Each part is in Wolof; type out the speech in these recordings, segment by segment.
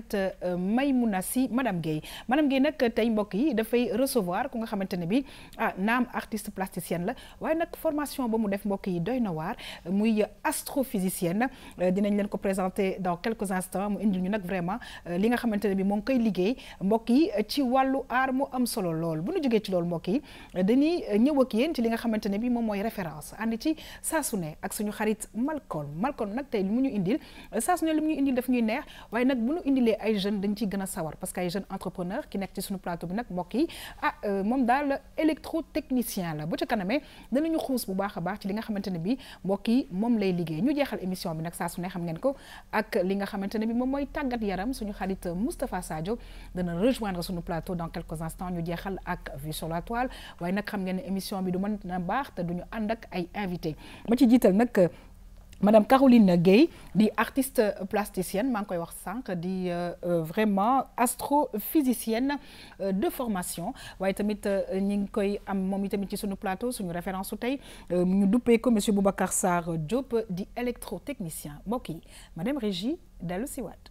xarit euh, madame Gay. madame Gaynek nak tay mbok recevoir ku nga xamantene bi ah, artiste plasticienne la formation ba mu def noir yi astrophysicienne euh, dinañ présenter dans quelques instants vraiment euh, li nga bi koy yi ci am solo lool bu ñu ci référence ci Malcolm Malcolm jëlee ay jeunes dañ ci gëna sawar parce que ay jeunes entrepreneur ki nek ci suñu plateau bi nak mbokk yi ah euh, mom daal électrotechnicien la bu ci kanamee danañu xuus bu baaxa baax ci li nga xamante bi mbokk yi moom lay liggé ñu jéxal émission bi nak sa su ne xam ngeen ko ak li nga xamante bi mom moy tagat yaram suñu xarit Moustapha Sadio dana rejoindre suñu plateau dans quelques instants ñu jéxal ak vue sur la toile waaye nak xam ngeen émission bi du mën na baax te duñu and ak ay invité ma ci jiital nak Madame Caroline Gay di artiste plasticienne maa koy wax euh, euh, vraiment astrophysicienne euh, de formation waaye tamit ñi ngi koy am plateaux, sur ci suñu plateau suñu référence su tey ñu duppee ko monsieur Boubacar Sarr Diop di électrotechnicien madame Régie dellu Siwat.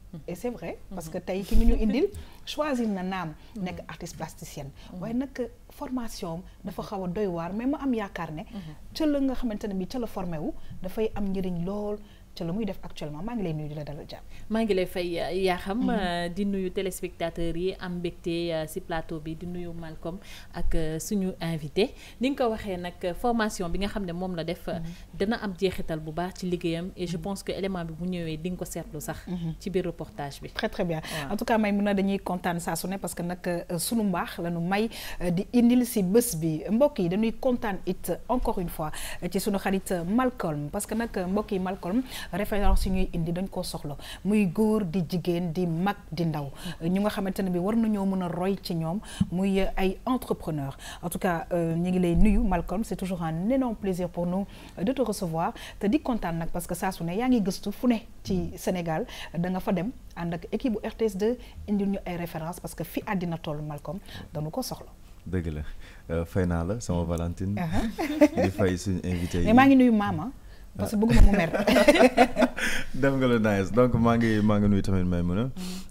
et c'est vrai parce que mhm. tay ki ñu indil choisir na nam mhm. nek artiste plasticienne mhm. waaye nak formation dafa xawa doy war mais ma am yaakaar ne ca la nga xamante ne bi la formé wu fay am njëriñ lool ca lu muy def actuellement maa ngi lay nuyu di la dalal jàmm. maa ngi lay fay yaa xam mm-hmm. euh, di nuyu téléspectateurs yi am mbégte euh, si plateau bi di nuyu Malcolm ak euh, suñu invité ni nga ko waxee nag formation bi nga xam ne moom la def. Mm-hmm. dana am jeexital bu baax ci liggéeyam et je mm-hmm. pense que élément bi bu ñëwee di nga ko seetlu sax. ci biir reportage bi. très très bien en tout cas may mun na dañuy kontaan saa su ne parce que nag sunu mbaax la ñu may di indil si bés bi mbokk yi dañuy kontaan it encore une fois ci sunu xarit Malcolm parce que nag mbokk yi Malcolm référence ñuy indi dañ ko soxlo muy goor di jigen di mag di ndaw ñu nga xamante bi war nañu mëna roy ci ñom muy ay entrepreneur en tout cas euh, ñi ngi lay nuyu Malcolm c'est toujours un énorme plaisir pour nous euh, de te recevoir te di kontaan nak parce que sa su ne yaa ngi gëstu fu ne ci Sénégal da nga fa dem and ak équipe bu RTS2 indi ñu ay référence parce que fi adina toll Malcolm dañ ko soxlo dëgg la euh, fay naa la sama Valentine. Uh-huh. di fay suñu invité yi mais maa ngi nuyu maama parce que bëgguma mu mer. def nga lu nice donc maa ngi maa ngi nuyu tamit may mëna a.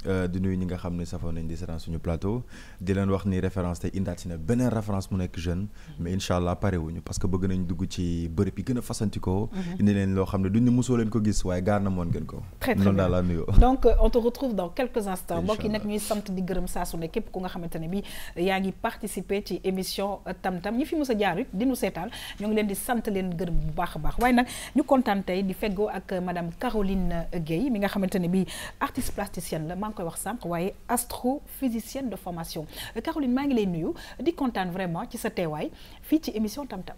Euh, di nuyu ñi nga xam ne safoon nañ di seetaan suñu plateau. di leen wax ni référence tey indaat si na beneen référence mu nekk jeune. Mm-hmm. mais incha allah pare wuñu parce que bëgg nañ dugg ci bërëb yi gën a fasantikoo. Mm-hmm. indi leen loo xam ne duñ ne mosoo leen ko gis waaye gaar na moon ngeen ko. très très noonu daal laa nuyoo. donc euh, on te retrouve dans quelques instants. mbokk yi nag ñuy sant di gërëm saa su ne képp ku nga xamante ne bi yaa ngi participer ci émission tam tam ñi fi mos a jaar di nu seetaan ñoo ngi leen di sant leen gërëm bu baax a baax waaye nag ñu kontaan tey di fego ak madame Caroline Guèye mi nga xamantene bi artiste plasticienne la maa ngi koy wax sank waye astrophysicienne de formation euh, Caroline maa ngi lay nuyu di contane vraiment ci sa teewaay fi ci émission tam tam.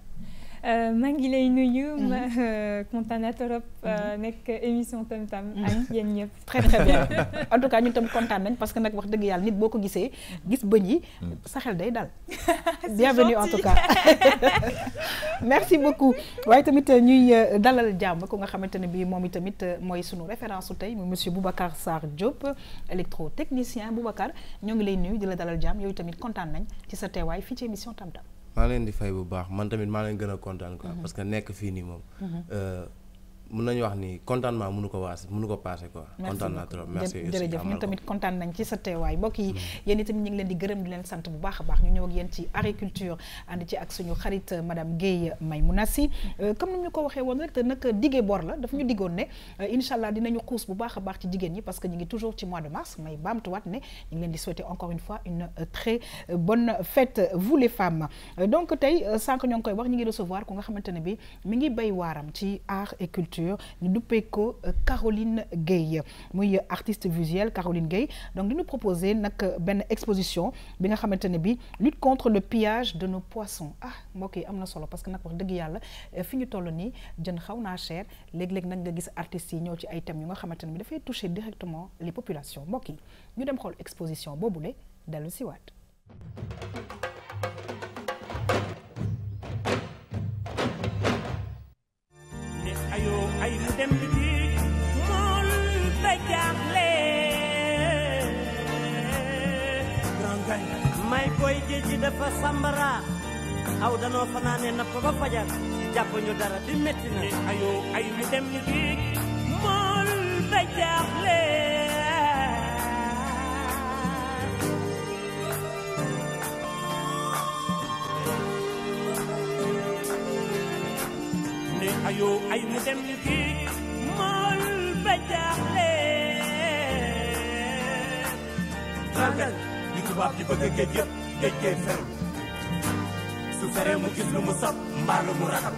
Euh, maa nuyu. kontaan mhm. euh, naa trop euh, mhm. nekk émission tam tam. Mhm. ak yéen très très bien en tout cas ñun tam contents parce que nag wax dëgg yàlla nit boo ko gisee gis bëñ yi mm. day dal. bienvenue en tout cas. merci beaucoup waaye tamit ñuy dalal jamm ko nga xamante bi momi tamit moy mooy sunu référence tay tey monsieur Boubacar Sarr Diop électrotechnicien Boubacar ñoo ngi lay nuyu di la dalal jamm yow tamit kontaan nañ ci sa téway fi ci émission tam tam. maa leen di fay bu baax man tamit maa leen gën a kontaan quoi mhm. parce que nekk fii nii moom mhm. euh, mën nañu wax ni contentement mënu ko waas mënu ko passé quoi. kontaan naa trop merci jërëjëf ñun tamit content nañ ci sa teewaay mbokk yi mm. yéen itam ñu ngi leen di gërëm di leen sant bu baax a baax ñu ñëw ak yéen ci agriculture ànd ci ak suñu xarit euh, madame Guèye Maymouna Sy euh, comme ni ñu ko waxee woon rek te nag diggee bor la daf ñu diggoon ne euh, incha allah dinañu xuus bu baax a baax ci jigéen ñi parce que ñu ngi toujours ci mois de mars may baamtuwaat ne ñu ngi leen di souhaiter encore une fois une très bonne fête vous les femmes donc tey sànq ñoo ngi koy wax ñu ngi recevoir ku nga xamante ne bi mi ngi bay waaram ci art et culture peinture ñu ko Caroline Gueye muy euh, artiste visuelle Caroline gay donc nous proposer une euh, exposition bi nga xamante bi lutte contre le pillage de nos poissons ah ok, amna solo parce que nak wax deug yalla euh, fiñu ñu toll nii cher leg leg nak nga gis artistes yi qui ci ay thèmes yu nga xamante ne toucher directement les populations mbokk yi ñu dem xol exposition boobule dellu si ayoo ay mu dem bi mul ba jaaxle grand gañ may koy géej dafa aw danoo fanaane napp ba fajar dara di metti na ayoo ay mu dem bi mul ba jaaxle yo ayusemki mol bejaxle ma li tubaab di bëgg a géej yëpp géej géej fer su feree mu gis lu mu sab mbaa lu mu ragal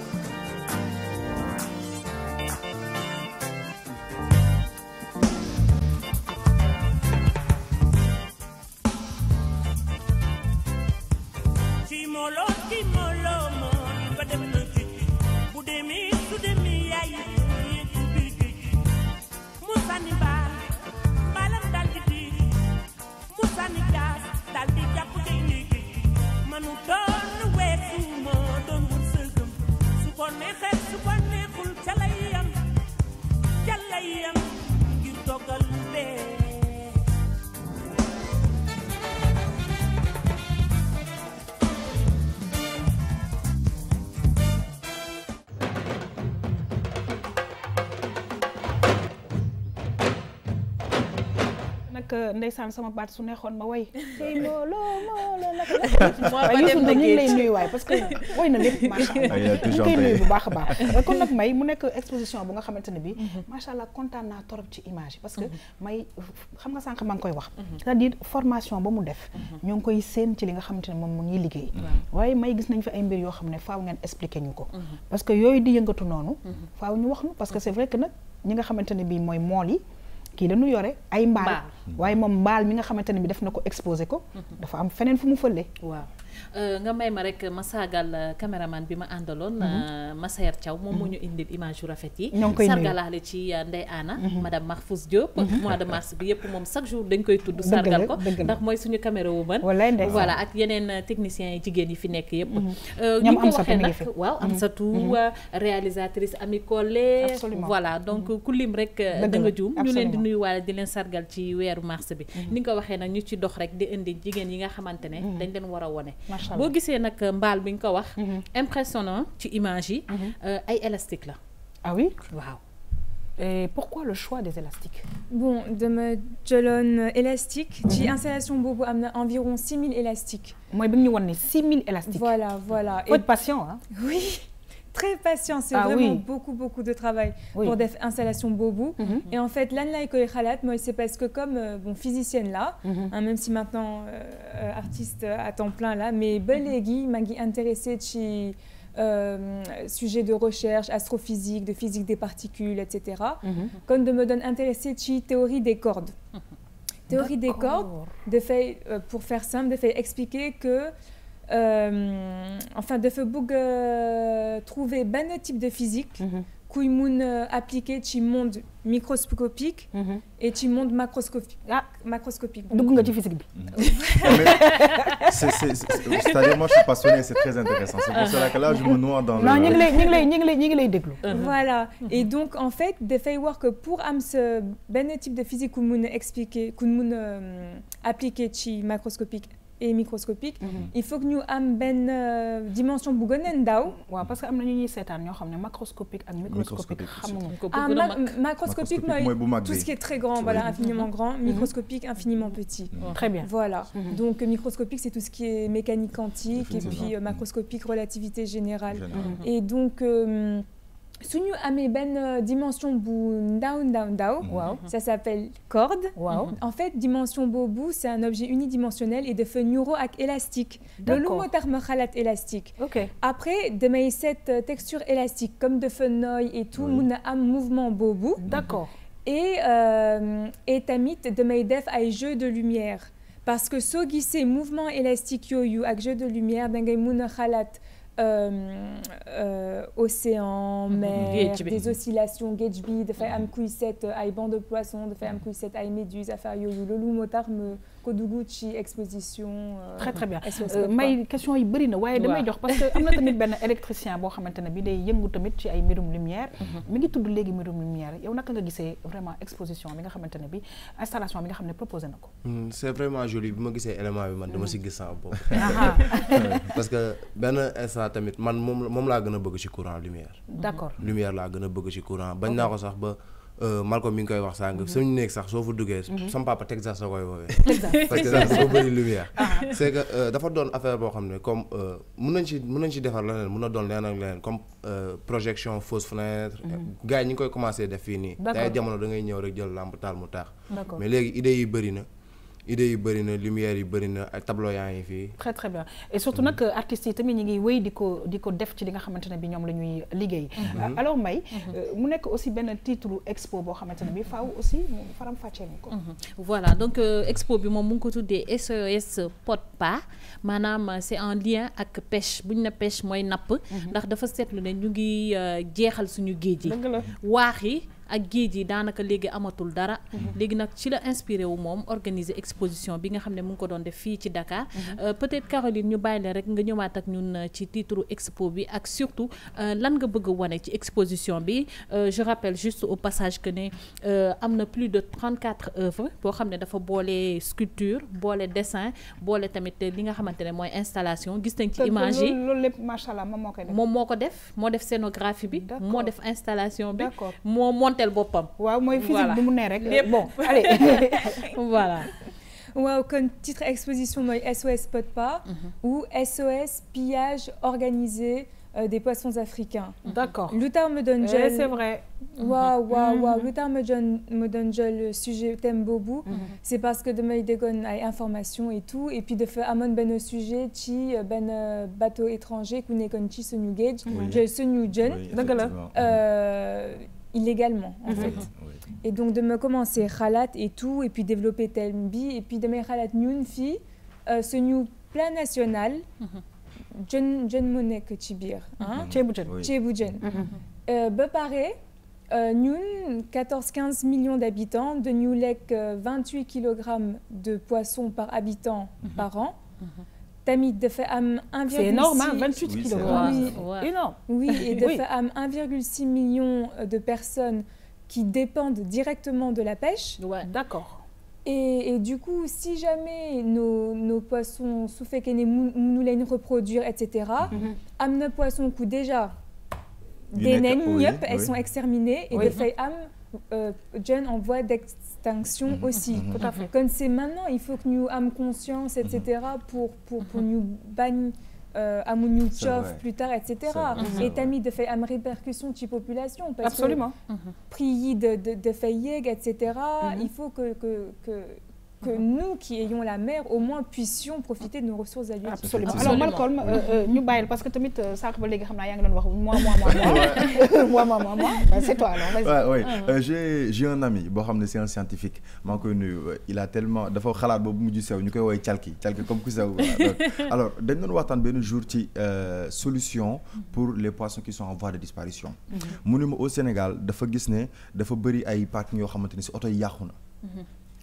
ndeysaan sama baat su neexoon ma way tey mbooloo mbooloo naka la Youssou Ndour ñu ngi lay nuyu waay parce que woy na lépp macha allah ah, ñu koy nuyu bu baax a baax euh, kon nag may mu nekk exposition bu nga xamante ne bi mhm. macha allah kontaan naa torop ci image parce que mhm. may xam nga sànq maa ngi koy wax mhm. c'est-à-dire formation ba mu def ñoo ngi koy seen ci li nga xamante ne moom mu ngi liggéey waaye may gis nañ fi ay mbir yoo xam ne faaw ngeen expliquer ñu ko parce que yooyu di yëngatu noonu faaw ñu wax nu parce que c'est vrai que nag ñi nga xamante ne bi mooy mool yi kii dañu yore ay mbaal waaye moom mbaal mi nga xamante ne bi def na ko exposé ko mhm. dafa am feneen fu mu fële Eh, nga may ma rek ma sagal eh, cameraman bima andalon ma mhm. eh, sayer Massaer mom mhm. moom ñu indil image yu rafet yi sargalaale ci ndey ana mhm. madame Mahfouz Diop mois de mars bi yep mom chaque jour dañ koy tuddu sargal ko ndax moy suñu caméra wu man voilà ak yenen technicien yi jigen yi fi nek yep ñu ko waxe nak waaw am sa tu réalisatrice Ami Collé voilà donc kulim rek da nga joom ñu leen di nuyu wala di leen sargal ci wéru mars bi ni nga waxe nak ñu ci dox rek di indi jigen yi nga xamantene dañ leen wara woné Si vous avez impressionnant tu imagines. yi. Mhm. Euh, élastique là ah oui wow Et pourquoi le choix des élastiques Bon, de me jolonne euh, élastique, mm installation Bobo amène environ 6000 élastiques. Moi, je me 6000 élastiques. Voilà, voilà. Faut Et... être patient, hein Oui très patient. C'est ah vraiment beaucoup, beaucoup de travail pour des installations bobo. Mhm. Et en fait, l'Anla et Khalat, moi, c'est parce que comme euh, bon, physicienne là, mhm. hein, même si maintenant euh, artiste à temps plein là, mais Belegi mhm. m'a intéressée chez euh, sujet de recherche astrophysique, de physique des particules, etc. Comme de me donne intéressé chez théorie des cordes. Théorie des cordes, de fait, pour faire simple, de fait expliquer que euh, enfin de faire euh, trouver un ben type de physique qui mun appliquer monde microscopique mhm. et le monde macroscopique ah macroscopique donc nga physique mhm. c'est-à-dire moi je suis passionné c'est très intéressant c'est pour cela que là je me noie dans non ngi euh, voilà et donc en fait de wax pour avoir des ben type de physique qui mun expliquer monde appliquer macroscopique et microscopique mhm. il faut que nous ayons une dimension bu d'au parce que y avons ñu macroscopique et microscopique. Ah, macroscopique tout ce qui est très grand voilà infiniment mhm. grand. Mhm. microscopique infiniment petit. très bien voilà donc microscopique c'est tout ce qui est mécanique quantique et puis euh, macroscopique relativité générale. et donc. Euh, Sunyu Ame Ben euh, Dimension bou Down Down Down. Ça s'appelle corde. Mhm. En fait, Dimension bobou, c'est un objet unidimensionnel et de feu neuro élastique. Le lumotar khalat élastique. Après, de cette euh, texture élastique, comme de feu noy et tout, Mouna mouvement bobou. Mhm. D'accord. Et, euh, et Tamit de Maïdef à jeu de lumière. Parce que ce mouvement élastique yo à jeu de lumière, d'un khalat. Euh, euh, océan, mhm. mer, des oscillations, Gatsby, de faire mmh. Amkouisset, euh, bande de poisson, de faire Amkouisset, aïe méduse, à faire Yoyou, ko exposition. Euh, très très bien euh, Ma question yi bëri na. waaye damay jox parce que am na tamit ben électricien boo xamante ne bi day yëngu tamit ci ay mirum lumière. Mhm. mi ngi tudd léegi mirum lumière yow naka nga gisee vraiment exposition bi nga xamante bi installation bi nga xam proposer proposé hmm, c'est vraiment joli bi qui gisee élément bi man dama si gis ça, ah, ah. parce que ben instant tamit man moom moom laa gën bëgg ci courant lumière. d'accord lumière laa ne bouge bëgg ci courant bañ naa ko sax ba. Euh, Malcolm mi ngi koy wax sànq. Mhm. suñu nek sax sofu fa duggee. Mhm. papa Texas la koy woowee. parce que ça soo bëri lumière. Ah. c'est que euh, dafa doon affaire bo xamné ne comme euh, mun nañ ci mun nañ ci defar leneen mun na doon leneen ak leneen comme projection fausse fenêtre. Mhm. gars yi koy commencer def fini nii. d' jamono da ngay ñew rek jël lampe tal mu tax mais légui idée yi bëri na idées bari na lumière yu bëri na tableau yaa ngi fii. très très bien et surtout nak mm-hmm. artistes yi tamit ñu ngi wéy diko diko def ci li nga xamantene bi ñom lañuy ñuy liggéey. Mm-hmm. alors may mm-hmm. euh, mu nek aussi ben titre expo bo xamantene ne bi faaw aussi mu faram ni ko. voilà donc euh, expo bi moom mu ko tuddee SOS e pot Pa manam c'est en lien ak pêche bu ñu pêche moy nap ndax dafa seetlu né ñu ngi euh, jeexal suñu géej wax yi ak géej yi daanaka léegi amatul dara mhm. léegi nag ci la inspiré wu moom organiser exposition bi nga xam ne mu ngi ko doon def fii ci Dakar mhm. euh, peut-être Caroline ñu bàyyi la rek nga ñëwaat ak ñun euh, ci titre expo bi ak surtout euh, lan nga bëgg a wane ci exposition bi je rappelle juste au passage que ne am na plus de 34 œuvres boo xam ne dafa boole sculpture boole dessin boole tamit li nga xamante ne mooy installation gis nañ ci image yi loolu lépp macha allah moom moo ko def moom moo ko def moo def scénographie bi moo def installation bi moo inventel waaw mooy physique bu mu ne rek. bon allez voilà. waaw comme titre exposition mooy SOS pas mhm. ou SOS pillage organisé. Euh, des poissons africains. D'accord. Luther me donne eh, C'est vrai. Waouh, waouh, mhm. waouh. Mhm. Luther me donne, me le sujet thème Bobou C'est parce que de dégonne à information et tout. Et puis de faire Amon ben au sujet, chi ben euh, bateau étranger, kunekonchi, ce new gage, je ce new gen. Donc là illégalement, en mhm. fait. Et donc de me commencer Khalat et tout, et puis développer Telmbi, et puis de me Khalat Nyunfi, euh, ce new plan national, John Monek Chibir, Chebujen. Beparé, Nyun, 14-15 millions d'habitants, de New 28 euh, kg de poissons par habitant mhm. par an. Mhm de C'est énorme, 28 hein, kg. énorme. Oui, et de fait, 1,6 million euh, de personnes qui dépendent directement de la pêche. D'accord. Et, du coup, si jamais nos, nos poissons nous laissent reproduire, etc., mhm. nos poissons coup déjà des naines, elles sont exterminées, et de jeunes en voie d'extinction mhm. aussi. Mhm. Comme c'est maintenant, il faut que nous âmes conscience, etc., mhm. pour, pour, pour nous bannir. Euh, à plus tard, etc. Et t'as de fait répercussions répercussion de population. Parce Absolument. Que, de, de, etc. Il faut que, que, que que mhm. nous qui ayons la mer, au moins puissions profiter de nos ressources halieutiques. Absolument. Alors Malcolm, nous euh, euh, mhm. baillons parce que tu as ça que vous avez moi, moi, moi, moi, moi, moi, moi, ben, c'est toi alors, vas-y. Euh, j'ai un ami, c'est un scientifique, il a tellement, d'abord, xalaat boobu mujj sew ñu koy Chalki calki comme ku ça. alors dañ nous waxtaan benn jour ci solution pour les poissons qui sont en voie de disparition Mon mhm. au Sénégal dafa gis ne dafa bëri ay parking yoo xamante ni si oto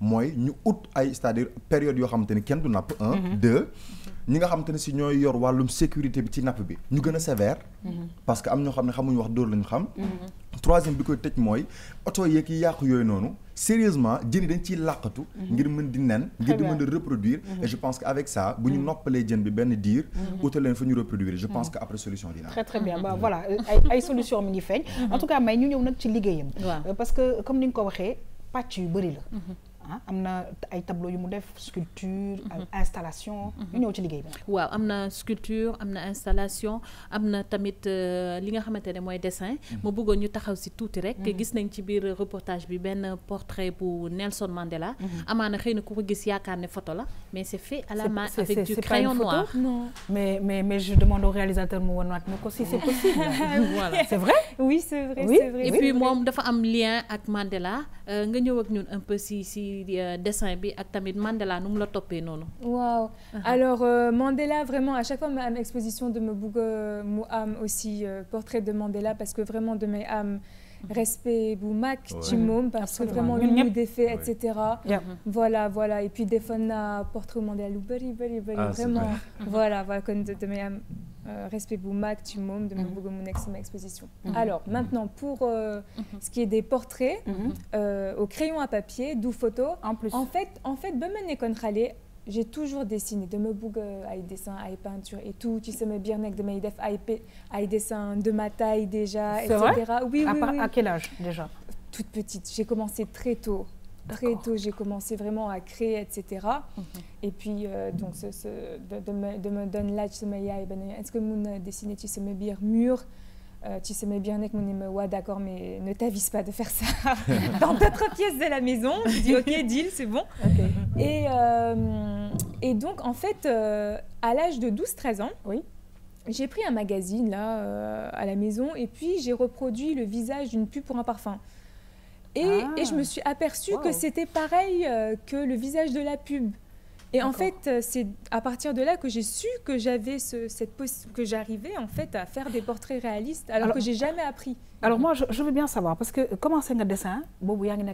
moy ñu out ay c'est-à-dire période yo kenn du mhm. ñi nga si yor sécurité bi ci bi ñu sévère mhm. parce que am wax mhm. troisième bi koy sérieusement dañ ngir di ngir reproduire et je pense qu'avec ça bu ñu bi leen ñu reproduire je pense qu'après après solution très très bien bah, voilà ay solution en tout cas may ñu ñëw une ci euh, parce que comme ko yu ah hein? am na ay tableau yu mu def sculpture mhm. installation mhm. ñu ñëw ci liggéey bi waaw am sculpture am installation am tamit euh, li nga xamante ne dessin mhm. ma bëggoon ñu taxaw si tuuti rek gis nañ ci biir reportage bi benn portrait pour Nelson Mandela amaana xëy na ku ko gis yaakaar photo la mais c'est fait à la main avec du crayon noir. Non. Mais, mais, mais je demande au réalisateur Mouanouat Moko si c'est possible. C'est vrai Oui, c'est vrai, oui? Et puis, moi, je un lien avec Mandela. Euh, nous avons un peu si, si euh, dessin et avec Mandela, nous l'avons topé. Non, Wow. Uh-huh. Alors, euh, Mandela, vraiment, à chaque fois, ma exposition de Mboug euh, Mouam aussi, euh, portrait de Mandela, parce que vraiment, de mes âmes respect Boumac, ouais. parce que vraiment, il y des faits, etc. Mm-hmm. Voilà, voilà. Et puis, des fois, on a porté à Loubari, Bari, ah, vraiment. Mm-hmm. Voilà, voilà, comme de, de mes euh, respect Boumac, Chimom, de mm -hmm. mon ex, exposition. Mm-hmm. Alors, maintenant, pour euh, ce qui est des portraits, euh, au crayon à papier, d'où photo, en, en fait, en fait, Bemen et j'ai toujours dessiné de me bouge à dessin à peinture et tout tu sais me bien de à dessin de ma taille déjà etc vrai oui, à, oui, à quel âge déjà toute petite j'ai commencé très tôt très tôt j'ai commencé vraiment à créer etc mhm. et puis euh, donc ce, de, de, me, de donner l'âge de me est-ce que mon dessiner tu sais me bien mûr euh, tu sais mais bien avec mon émewa, d'accord, mais ne t'avise pas de faire ça dans d'autres pièces de la maison. Je dis ok, deal, c'est bon. Et, euh, et donc en fait, euh, à l'âge de 12-13 ans, oui. j'ai pris un magazine là à la maison et puis j'ai reproduit le visage d'une pub pour un parfum. Et, et je ah. me suis aperçue que c'était pareil que le visage de la pub. Et en fait, euh, c'est à partir de là que j'ai su que j'avais ce, cette que j'arrivais en fait à faire des portraits réalistes alors, que que j'ai jamais appris. Alors moi, je, veux bien savoir parce que commencer un dessin, bobu yaangi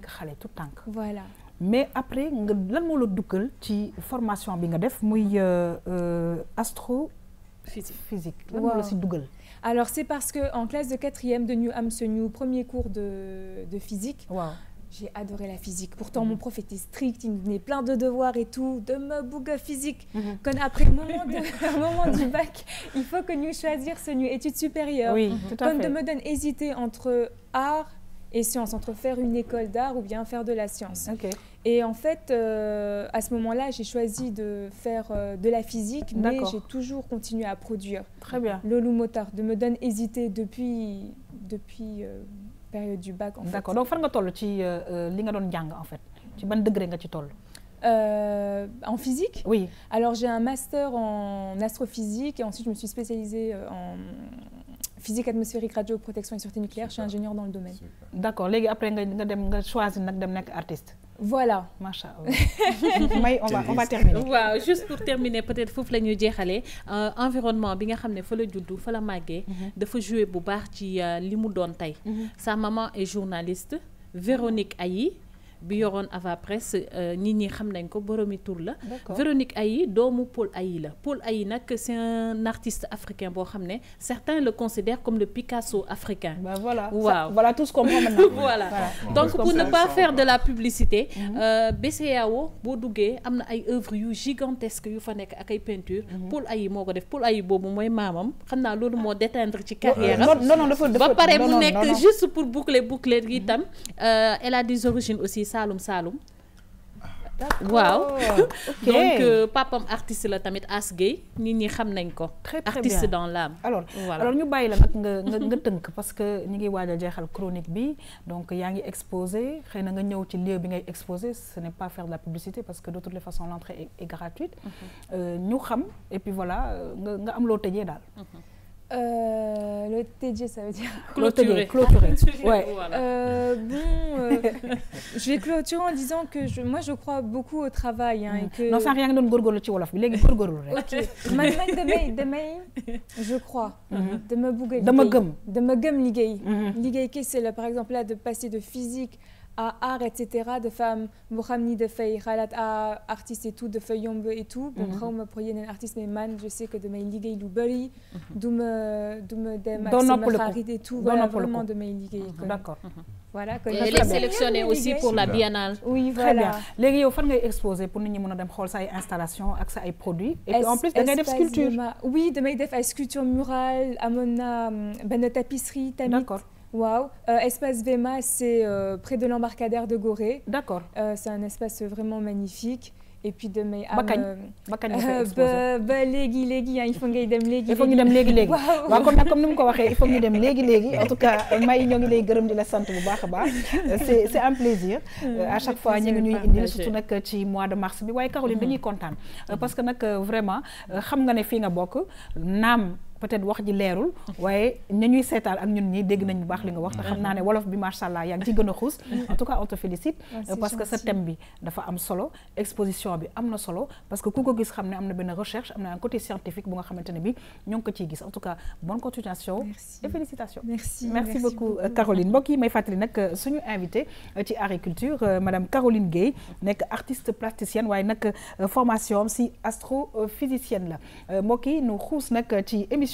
tout temps. Voilà. Mais après, tu lan mo la formation en nga def euh, euh, astro physique. Alors c'est parce que en classe de 4e de New Hampshire, premier cours de, de physique. Wow. J'ai adoré la physique. Pourtant, mon prof était strict, il me donnait plein de devoirs et tout, de me bouger physique. Mhm. après le moment, du bac, il faut que nous choisissions une étude supérieure. Oui, mhm. fait. de me donne hésiter entre art et science, entre faire une école d'art ou bien faire de la science. Et en fait, euh, à ce moment-là, j'ai choisi de faire euh, de la physique, mais j'ai toujours continué à produire. Très bien. loup Motard, de me donne hésiter depuis, depuis euh, période du bac en fait. D'accord donc fan nga ce ci euh, euh, li nga en fait ci ban degré euh, en physique. Oui. Alors j'ai un master en astrophysique et ensuite je me suis spécialisée en physique atmosphérique, radio, protection et sûreté nucléaire. Je suis ingénieure dans le domaine. D'accord. Après, tu as choisi d'être artiste voilà macha on va terminer. juste pour terminer peut-être qu'il faut que nous environnement bi faut la la mhm. jouer euh, mhm. sa maman est journaliste Véronique Ayi. Bioron Ava Presse euh, nit ñi xam nañ ko boromi Véronique Ayi doomu Paul Ayi Paul Ayi nak c'est un artiste africain certains le considèrent comme le Picasso africain. Bah, voilà voilà tout ce qu'on voilà donc pour ne pas faire de la publicité. Mhm. Euh, BCAO, e boo a am ay œuvres yu gigantesques yu fa nek ak ay mhm. Paul Ayi moko def Paul Ayi bobu moy mamam xamna lolu mo Non déteindre ci carrière euh, ba paré mu juste pour boucler boucler elle a des origines aussi. Saloum. Saalum. waaw donc euh, papam artiste la tamit As Gueye ni ñi xam nañ ko. très très bien artiste dans l'âme. alors alors ñu bàyyi la nga nga teunk parce que ñi ngi waaj jéxal chronique bi donc ya ngi exposer, xëy nga ñëw ci lieu bi ngay exposer, ce n'est pas faire de la publicité parce que de toutes les façons l'entrée est gratuite. Mhm. Euh ñu xam et puis voilà euh, nga nga am loo tëjee daal. Mhm. Euh, le TG, ça veut dire clôturer. clôturer. Ouais. Euh, bon, euh, je vais clôturer en disant que je, moi, je crois beaucoup au travail. Hein, et que... Non, ça rien je crois. par exemple là de passer de physique à art, etc., de femmes, Mohamni de Fey, Khalat à artiste et tout, de Feyombe et tout. Bon, quand mhm. me proyen un artiste, mais man, je sais que de mes ligues, il oublie, d'où me, d'où me, d'où et tout, voilà, vraiment de mes ligues. Mhm. D'accord. Mhm. Voilà, que elle est sélectionnée aussi pour la biennale. Oui, voilà. Très bien. Les fan nga exposé pour nous nous dem des sa installation ak sa ay produits et puis en plus da a def sculpture. Oui, de may def murales, sculpture murale, amona mm, ben tapisserie, tamit. D'accord. Waouh euh, Espace VEMA, c'est euh, près de l'embarcadère de Gorée. D'accord. Euh, c'est un espace vraiment magnifique. Et puis de mes âmes... Ah, Bakani ba bah, bah, léegi léegi yaa hein, il faut ngay dem léegi il faut ñu dem léegi léegi waaw comme comme ni mu ko waxee il faut ñu dem léegi léegi en tout cas May ñoo ngi lay gërëm di la sant bu baax a c'est c'est un plaisir à chaque fois ñu ngi ñuy indil surtout nag ci mois de mars bi waaye Caroline mm-hmm. dañuy content. parce que nag vraiment xam nga ne fii nga bokk naam peut-être wax ji leerul waaye ñuy sétal ak ñun ñi dégg nañ bu baax li nga wax tax mm-hmm. xamna né wolof bi machallah ya yaa ngi ci gën a mm-hmm. en tout cas on te félicite euh, parce que ce thème bi dafa am solo exposition bi amna solo parce que ku ko gis xamné amna ben recherche amna na un côté scientifique bu nga xamante ne bi ñoo ko ci gis en tout cas bonne continuation et félicitations merci Merci euh, beaucoup Caroline mbokk yi may fàttali nag euh, suñu invité ci agriculture madame Caroline Gay, nek artiste plasticienne waaye nag formation si astrophysicienne la mbokk yi nu xuus ci émission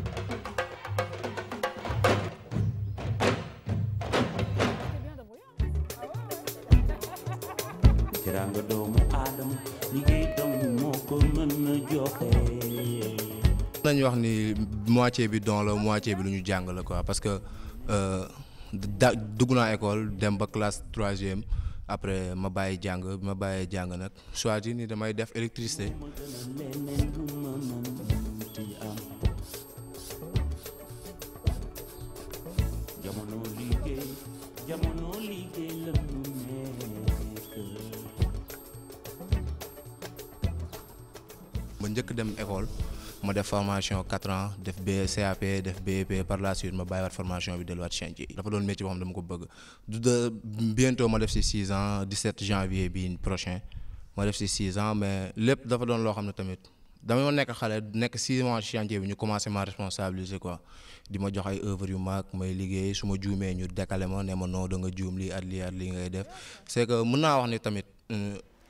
teraanga doomu aadama liggéey doomu moo ko mën a joxe. nañu wax ni moitié bi don la moitié bi lu ñu jàng la quoi parce que euh, da dugg naa école dem ba classe troisième après ma bàyyi jàng ma bàyyi jàng nag choisir ni damay def électricité. njëkk dem école ma def formation 4 ans def B CAP def BEP par la suite ma la formation bi delluwaat chantier dafa doon métier boo xam dama ko bëgg du bientôt je def 6 ans 17 janvier prochain je def 6 ans mais lépp dafa doon loo Je ne tamit dama nekk xale nekk 6 mois chantier bi ñu commencé ma responsabiliser quoi di ma jox ay œuvre yu mag may liggéey su ma je ñu décalé ma ne ma non da nga juum lii at lii at lii ngay def c'est que je naa wax ni tamit. Euh,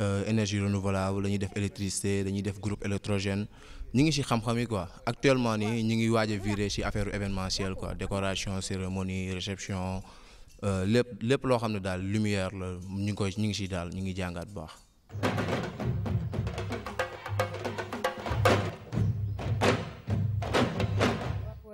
Euh, énergie renouvelable dañuy def électricité dañuy def groupe électrogène Nous sommes ci xam quoi actuellement nous sommes ngi train de virer ci affaire événementielle quoi décoration cérémonie réception euh, lépp lépp loo de lumière la ñu ngi koy de ngi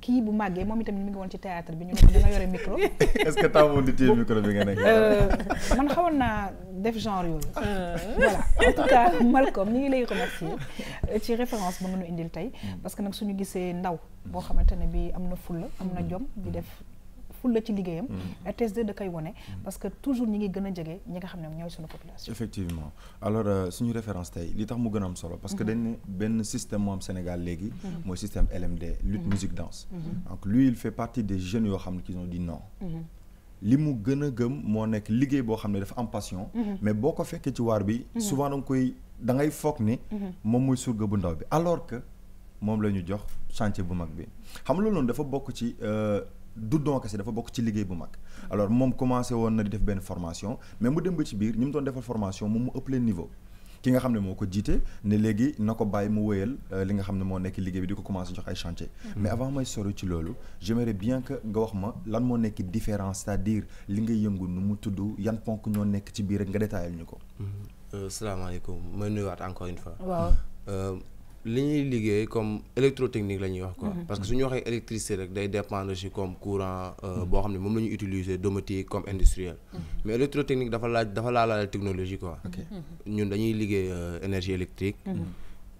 kii bu màggee moom itamit mi ngi woon ci théâtre bi ñu ne danga yore micro. est-ce que taw di téye micro bi nga nekk. Euh, man xawoon naa def genre yooyu. Euh. voilà en tout cas Malcom ñu ngi lay remercier ci référence ba nga nu indil tey. Mm. parce que nag su suñu gisee ndaw. boo xamante ne bi am na fulla am na mm. jom di def. ci mm-hmm. parce que toujours effectivement alors euh, suñu référence tay li tax mu am solo parce que dañ mm-hmm. système am Sénégal légui mm-hmm. système LMD lutte musique danse donc lui il fait partie des jeunes qui ont dit non li mu gëm passion mais boko fait ci bi souvent da ngay ni surga bu alors que mom lañu jox chantier bu mag bi xam doudon don dafa bok ci liguey bu mag alors mom commencé won na di def ben formation mais mu dem ba ci biir ñi mu doon defal formation mom mu ëpp leen niveau ki nga xam moko jité ko jiite ne léegi na ko mu wëyel euh, li nga xam mo moo nekk liggéey bi di ko commencé jox ay chantier mm-hmm. mais avant may sori ci loolu j'aimerais bien que nga wax ma lan mo nekk différence c'est-à-dire li nga yëngu nu mu tuddu yan ponk ñoo nekk ci biir rek nga détaillé ñu ko mm-hmm. euh, salaamaaleykum may nuyu wat encore une fois waaw euh, li ñuy liggéey comme électrotechnique la ñuy wax quoi. Mhm. parce que su ñu waxee électricité rek day dépendre ci comme courant euh, mhm. boo xam ne moom la ñu utiliser domotique comme industriel. Mhm. mais électrotechnique dafa laaj dafa laalaale technologie quoi. ñun dañuy liggéey euh, énergie électrique.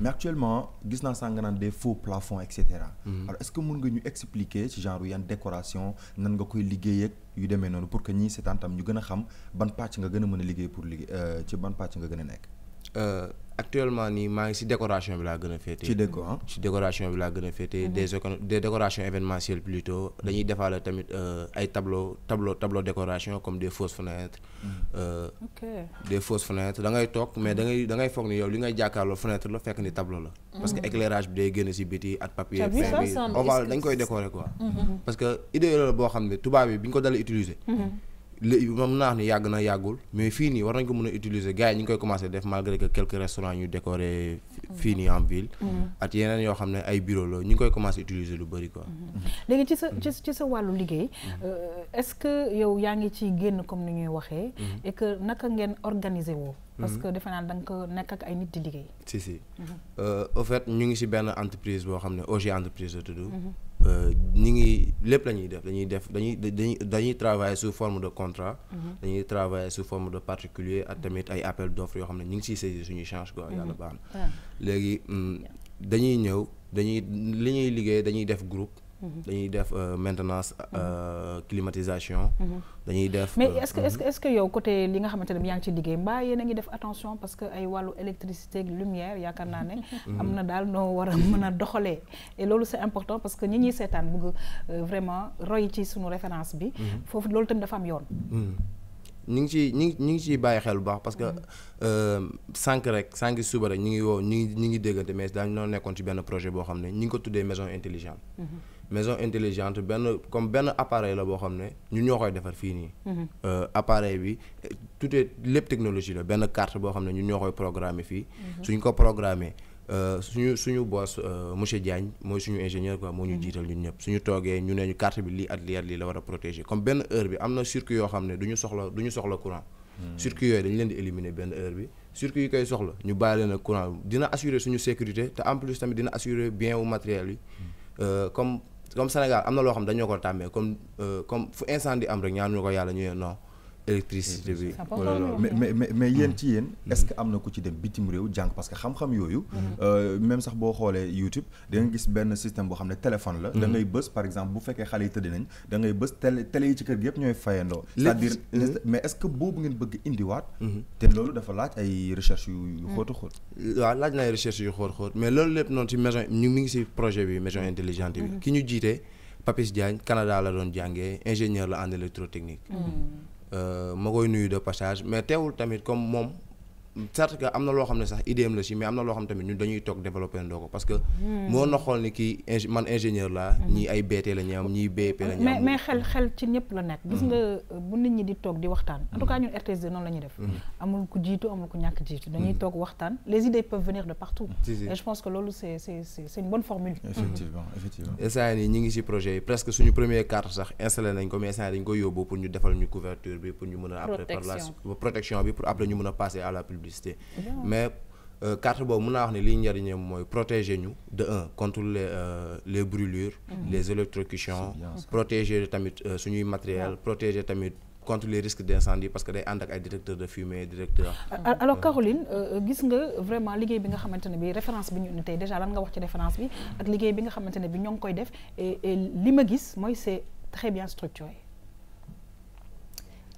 mais actuellement gis na sànq des faux plafonds et cetera. Mm-hmm. alors est-ce que mën nga ñu expliquer ce genre yan décoration nan nga koy liggéey ak yu démé non pour que ñi seetaan tam ñu gëna xam ban patch nga gëna mëna mën a liggéey pour liggéey euh, ci ban patch nga gëna nek euh, actuellement ni maa ngi si décoration bi la gëna fété ci déco ci décoration bi la gën a féetee. Hein? Mhm. des des décorations événementielles plutôt. Mhm. dañuy defaale tamit euh, ay tableau tableau tableau décoration comme des fausses fenêtres. Mhm. Euh, ok des fausses fenêtres da ngay tok mais da ngay da ngay foog ni yow li ngay jakarlo fenêtre la fekk ni tableau la. parce que éclairage bi day génn si biti at papier. fin bi va dañ koy décorer quoi. parce que idée la bo xamné tuba bi biñ ko dalee utiliser li moom naa ni yàgg na yàggul mais fii nii war nañ ko mën a utiliser gars yi ñu ngi koy commencé def malgré que quelques restaurants ñu décoré fii nii en ville. Mm-hmm. Mm-hmm. at yeneen yoo xam ne ay bureau la ñu ngi koy commencé utiliser lu bëri quoi. Mm-hmm. léegi ci sa ci sa wàllu liggéey euh, est-ce que yow yaa ngi ci génn comme ni ñuy waxee. et que naka ngeen organiser woo. parce que defe naa da nga ko nekk ak ay nit di liggéey. si si euh, au fait ñu ngi si benn entreprise boo xam ne OG entreprise la tudd ñi euh, ngi lépp la ñuy def dañuy def dañuy dañuy travailler sous forme de contrat. Mhm. dañuy travailler sous forme de particulier ak tamit ay appel d'offre yoo xam ne ñu ngi siy saisir suñuy change quoi yàlla mhm. baax na. léegi mm, dañuy ñëw dañuy li liggéey dañuy def groupe. Mhm. dañuy def euh, maintenance euh, mhm. climatisation. Mhm. dañuy def mais euh, est-ce que est-ce que yow côté li nga xamante ne yaa ngi ci liggéey mbaa yéen a ngi def attention parce que ay wàllu électricité ak lumière yaakaar naa ne. am na daal noo war a mën a doxalee. et loolu c'est important parce que ñi ñuy seetaan bëgg vraiment roy ci sunu référence bi. foofu loolu tamit dafa am yoon. ñu ngi ciy ñu ngi ñu ciy bàyyi xel bu baax parce que sànq rek sànq suba rek ñu ngi woo ñu ngi ñu ngi déggante mais daañu doon nekkoon ci benn projet boo xam ne ñu ngi ko tuddee maison intelligente maison intelligente ben comme ben appareil la bo xamné ñu ñokoy ñoo fi ni mhm. euh appareil bi tout est lépp technologie la ben carte bo xamné ñu ñokoy programmer fi mhm. suñ ko programmer euh, suñu suñu boss euh, monsieur Diagne moy suñu ingénieur quoi mo ñu mhm. jital ñun ñep suñu togué ñu né ñu carte bi li at li at lii la wara protéger comme ben heure bi amna circuit yo xamné duñu soxla duñu soxla courant. circuit yo dañ leen di éliminer ben heure bi. circuit yi kay soxla ñu bàyyi na courant dina assurer suñu sécurité te en plus tamit dina assurer bien wu matériel yi euh, comme. comme Sénégal am na loo xam dañoo ko tàmmee comme euh, comme fu incendie am rek ñaan ñu ko yàlla ñu ne non électricité bi wala hein. mais mais mais yéen mm. ci yéen est-ce que am na ku ci dem bitim réew jàng parce que xam-xam yooyu mm. euh, même sax boo xoolee YouTube da nga gis benn système boo xam ne téléphone la da mm. ngay bës par exemple bu fekkee xale yi tëdd nañ da ngay bës télé télé yi ci kër gi yëpp ñooy fayandoo c'est-à-dire mais est-ce que boobu ngeen bëgg indiwaat mm-hmm. te loolu dafa laaj ay recherches yu xóotu xóot waaw laaj na ay recherches yu xóot xóot mais loolu lépp noonu ci maison ñu mi ngi si projet bi maison intelligente bi mm-hmm. ki ñu jiitee Papis Diagne Canada la doon jàngee ingénieur la en électrotechnique Euh, ma koy nuyu de passage mais teewul tamit comme moom certes que am na loo xam ne sax idée la si mais am na loo xam tamit ñun dañuy toog développé ndoo ko parce que. Hmm. moo na xool ni kii man ingénieur laa. Hmm. ñii ay BT la ñu am ñii BEP la ñu am. mais mais xel xel ci ñëpp la nekk. gis hmm. nga euh, bu nit ñi di toog di waxtaan. en tout cas ñun RTS2 noonu la ñuy def. amul ku jiitu amul ku ñàkk jiitu. dañuy toog waxtaan les idées peuvent venir de partout. et je pense que loolu c' est c' est c' est une bonne formule. effectivement effectivement. instant yii ñu ngi si projet yi presque suñu premier carte sax installé nañ ko mais instant yii dañu ko yóbbu pour ñu defal ñu couverture bi pour ñu mën a. protection après par la protection bi pour après ñu mën a passer à la publicité ah. mais euh, carte bonnes mën naa wax ne liy protéger ñu de un contre les euh, les brûlures ah. les électrocutions protéger tamit euh, suñuy matériel ah. protéger tamit contre les risques d'incendie parce que day ànd ak ay détecteur de fumée détecteur alors Caroline gis nga vraiment liguey bi nga xamantene bi référence bi ñu déjà lan nga wax ci référence bi ak liguey bi nga xamantene bi ñong koy def et li ma gis moy c'est très bien structuré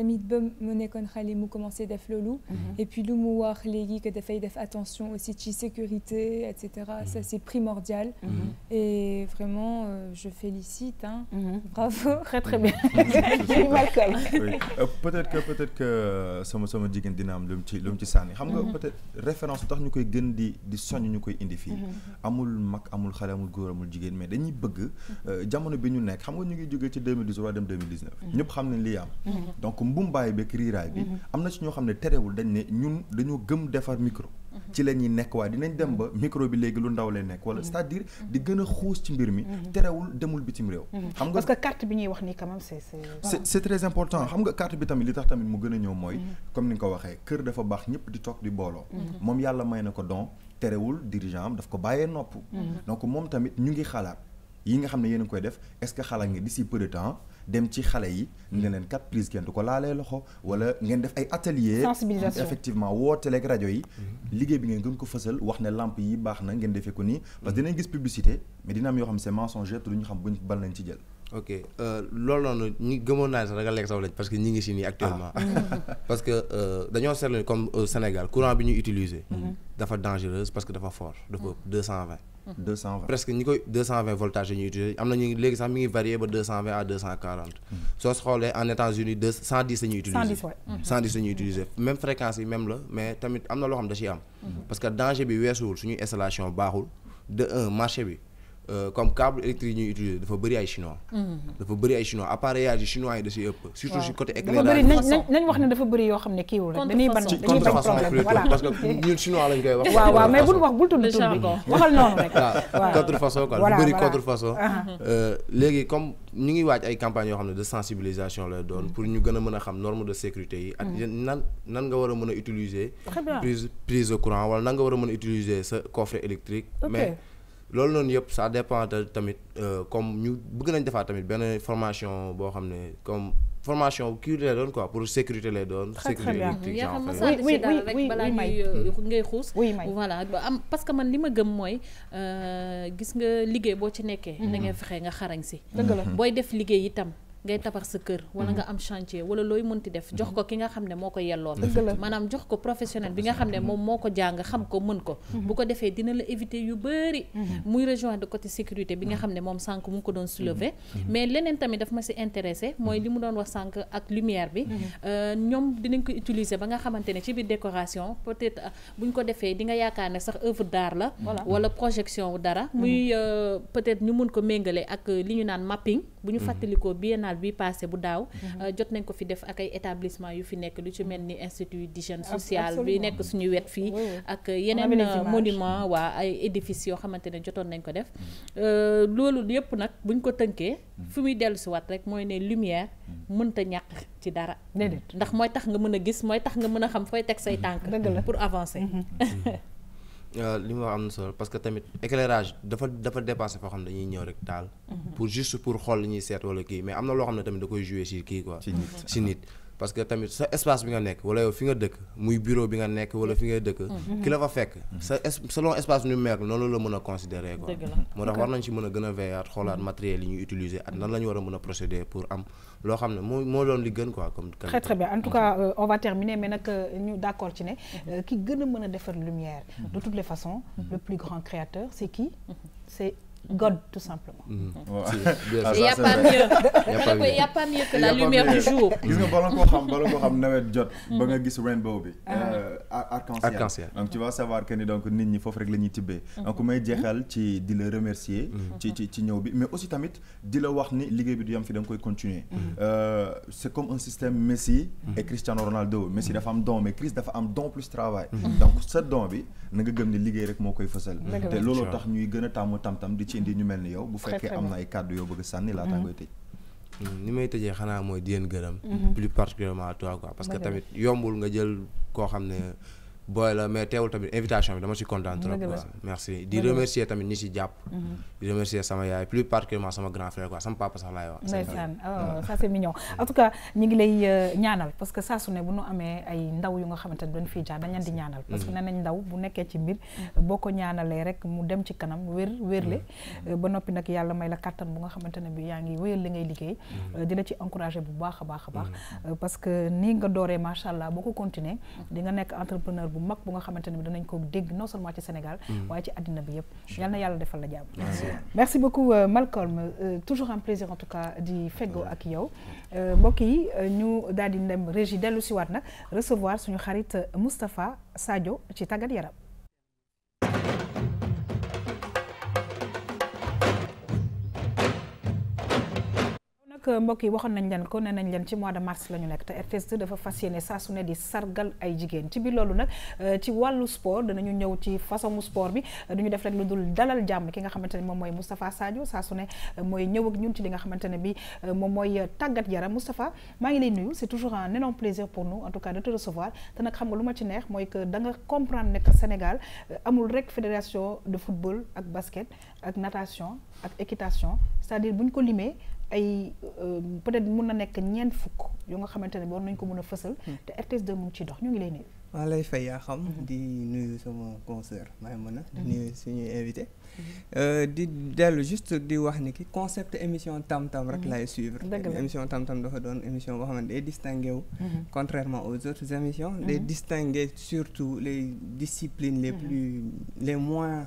tamit ba moné kon xale mou commencé def loolu mhm. et puis lou mou war légui que dafay def attention aussi ci sécurité etc mhm. ça c'est primordial mhm. et vraiment euh, je félicite hein bravo très très bien euh, peut-être que peut-être que ça me ça me dit lu mu ci lu mu ci xam nga peut-être référence tax nous que gën di di soñ ñu indi fi amul mak amul xale amul amul mais dañuy bëgg euh, jamono bi ñu nek xam nga ñu ngi joggé ci 2018 dem 2019 ñep xam nañ li am donc mbumbaay C'est très bi mhm. ci ñoo micro mhm. ci dinañ dem mhm. micro bi lu ndaw c'est-à-dire di ci mbir mi demul parce que carte bi ñuy wax c'est c'est très important xam nga carte bi tamit li tax tamit mu gëna comme ni nga waxé kër dafa important. ñëpp di tok di très dirigeant daf ko très nopp donc très tamit ñu ngi xalaat yi nga est-ce que xala nga d'ici peu de temps dem ci xalé yi mm. ne leen kat prise kenn du ko loxo wala ngeen def ay atelier sensibilisation effectivement wooteleeg radio yi mm-hmm. liggéey bi ngeen gën ko fësal wax né lampe yi baxna na ngeen defee ko ni parce que mm. dinañ gis publicité mais dina am yoo xam c'est mensonger te ñu xam buñ ban lañ ci jël ok euh, loolu noonu ñu gëmoon naa sax léegi sax parce que nous ngi actuellement. Ah. parce que euh, dañoo comme au euh, Sénégal courant bi ñu utilisé. Mm mm-hmm. dafa dangereuse parce que dafa fort 220. 220 mm-hmm. presque ñi koy 220 voltage nous utilisé am na 220 à 240. Mm-hmm. soo en états unis 110, la ñuy 110 ouais. 110 même fréquence même là, mais tamit am na loo xam da ciy am. parce que danger bi weesuwul suñu installation baaxul de un marché bi. Euh, comme câble électrique yi ñuy utiliser dafa bëri ay chinois. Mhm. dafa bëri ay chinois appareillage chinois yi da ciy ëpp. surtout si côté éclairage dafa bëri nañ wax ne dafa bëri yoo xam ne wul dañuy ban dañuy bañ problème voilà parce que ñun chinois lañ koy wax. wa wa mais buñ wax bul tudd tur bi waxal noonu rek. quatre ah, contrefaçon quoi lu bëri contrefaçon. Ah. Euh, léegi comme ñu ngi waaj ay campagne yo xamné de sensibilisation lay doon mm. pour ñu gëna mëna xam norme de sécurité yi. ak mm. nan nan nga war mëna utiliser. prise prise de courant wala nan nga wara mëna utiliser sa coffret électrique mais loolu noonu yëpp ça dépend tamit euh, comme ñu bëgg nañ defaat tamit benn formation boo xam ne comme formation kii lay doon quoi pour sécurité lay doon. sécurité électrique genre oui oui balaa ñuy euh, ngay xuus. voilà am parce que man li ma gëm mooy euh, gis nga liggéey boo ci nekkee. Mhm. da ngay fexe nga xarañ si. dëgg la booy def liggéey itam ngay tabax sa kër wala mhm. nga am chantier wala looy munti def mhm. jox ko ki nga xam ne moo ko yelloon maanaam jox ko professionnel bi nga xam ne moom moo ko jàng xam ko mën ko mhm. bu ko defee dina la éviter yu bëri muy rejoindre côté sécurité bi nga xam ne moom sànq mu ngi ko doon soulever mais leneen tamit daf ma si intéressé mooy li mu doon wax sànq ak lumière bi euh, ñoom dinañ ko utiliser ba nga xamante ne ci biir décoration peut-être euh, buñ ko defee di nga yaakaar ne sax œuvre d'art la wala projection dara muy euh, peut-être ñu mën ko méngale ak li ñu naan mapping bu ñu fàttalikoo biennale bi passé bu daw mhm. euh, jot nañ ko fi def ak établissement yu fi lu sociale bi nek suñu wet ak euh, monument ay édifices yo xamantene je nañ ko def mhm. euh, lolu nak buñ ko mhm. rek lumière ci dara ndax tax nga tax nga xam say pour avancer Euh, li mu wax am na solo parce que tamit éclairage dafa dafa dépassé foo xam ne dañuy ñëw rek taal. Mhm. pour juste pour xool li ñuy seet wala kii mais am na loo xam ne tamit da koy jouer ci kii quoi. ci nit parce que tamit sa espace bi nga nek wala yow fi nga dëkk muy bureau bi nga nek wala fi nga dëkk mm-hmm. Mm-hmm. ki la fa fekk sa selon espace numérique noonu la mëna considérer quoi moo tax war nañ ci mëna gëna gën xolaat matériel yi ñu utiliser ak nan la wara mëna procéder pour am lo xam mo moo doon li gën quoi comme très très bien en tout mm-hmm. cas euh, on va terminer mais nak euh, ñu d'accord ci né euh, ki gëna mëna mën lumière de toutes les façons le plus grand créateur c'est qui c'est God, tout simplement. Mmh. Ouais. Il n'y a, pas mieux. Il y a pas mieux que la lumière du jour. gis nga bala koo xam bala koo xam nawet jot. Mm. ba nga gis rainbow bi. Euh, arc en donc tu vas savoir que donc nit ñi foofu rek la ñuy tibbee. Mm. donc may jeexal ci di la remercier. Mm. ci ci ci ñëw bi mais aussi tamit di la wax ni ligue bi du yam fi da koy continuer. Euh, c' est comme un système Messi. et Cristiano Ronaldo Messi dafa am don mais Chris dafa am don plus travail. donc sa don bi na nga gëm ni liggéey rek moo koy fësal. te looloo tax ñuy gën a tam tam ci indi ñu mel ni yow bu fekkee am na ay kàddu yoo bëgg sànni laata mm-hmm. ngay tëj mm, ni may tëjee xanaa mooy di gërëm mm-hmm. plus particulièrement toi quoi parce que tamit yombul nga jël koo xam ne booy la mais teewul tamit invitation dama ci content trop quoi merci di remercier tamit ni ci japp mm-hmm. remercier sama yaay plus particulièrement sama grand frère quoi sama papa sax oh, ça c'est mignon en tout cas ñi ngi lay euh, ñaanal parce que ça su ne bu ñu amé ay ndaw yu nga dañ fi dañ di ñaanal parce que mm-hmm. nañ ndaw bu nekké ci mbir mm-hmm. boko ñaanalé rek mu dem ci kanam euh, la carte bu nga bi ngi li ngay liggéey euh, di la ci bu parce que ni nga doré machallah boko continuer di nga entrepreneur bu mag bu nga xamanteni ne bi danañ ko dégg non seulement ci Sénégal mm. waaye ci àddina bi yëpp yal na yàlla defal la jàmm merci beaucoup euh, Malcolm euh, toujours un plaisir en tout cas di feggoo ak yow euh, mbokk yi ñu daal di dem régie dellu siwaat nag recevoir suñu xarit Moustapha Sadio ci tàggat yaram nag euh, mbokk yi waxon nañ leen ko ne nañ leen ci mois de mars lañu nek te RTS2 dafa fas sa saa su ne di sargal ay jigéen ci bi loolu nak euh, ci walu sport danañu ñëw ci façon sport bi euh, duñu def rek lu dul dalal jamm ki nga xamante mom moy Mustafa Sadio sa su ne mooy ñëw ak ñun ci li nga xamante bi mom moy tagat yaram Mustafa ma ngi lay nuyu c'est toujours un énorme plaisir pour nous en tout cas de te recevoir te nak xam nga luma ci neex moy que da nga comprendre ne que Sénégal amul rek fédération de football ak basket ak natation ak équitation c'est-à-dire buñ ko limé ay euh, peut-être mun na nekk ñeent fukk yu nga xamante bo war nañ ko mëna a fësal. Hmm. te RTS 2 mu ngi dox ñu ngi lay nuyu. maa lay fay yaa xam. Hmm. di nuyu sama consoeur maa mëna a. di hmm. nuyu suñuy invité. Euh, di dellu juste di wax ni ki concept émission tam tam rek lay suivre. émission tam tam dafa doon émission boo xam day distingué wu. contrairement aux autres émissions. day distingué surtout les disciplines les plus les moins.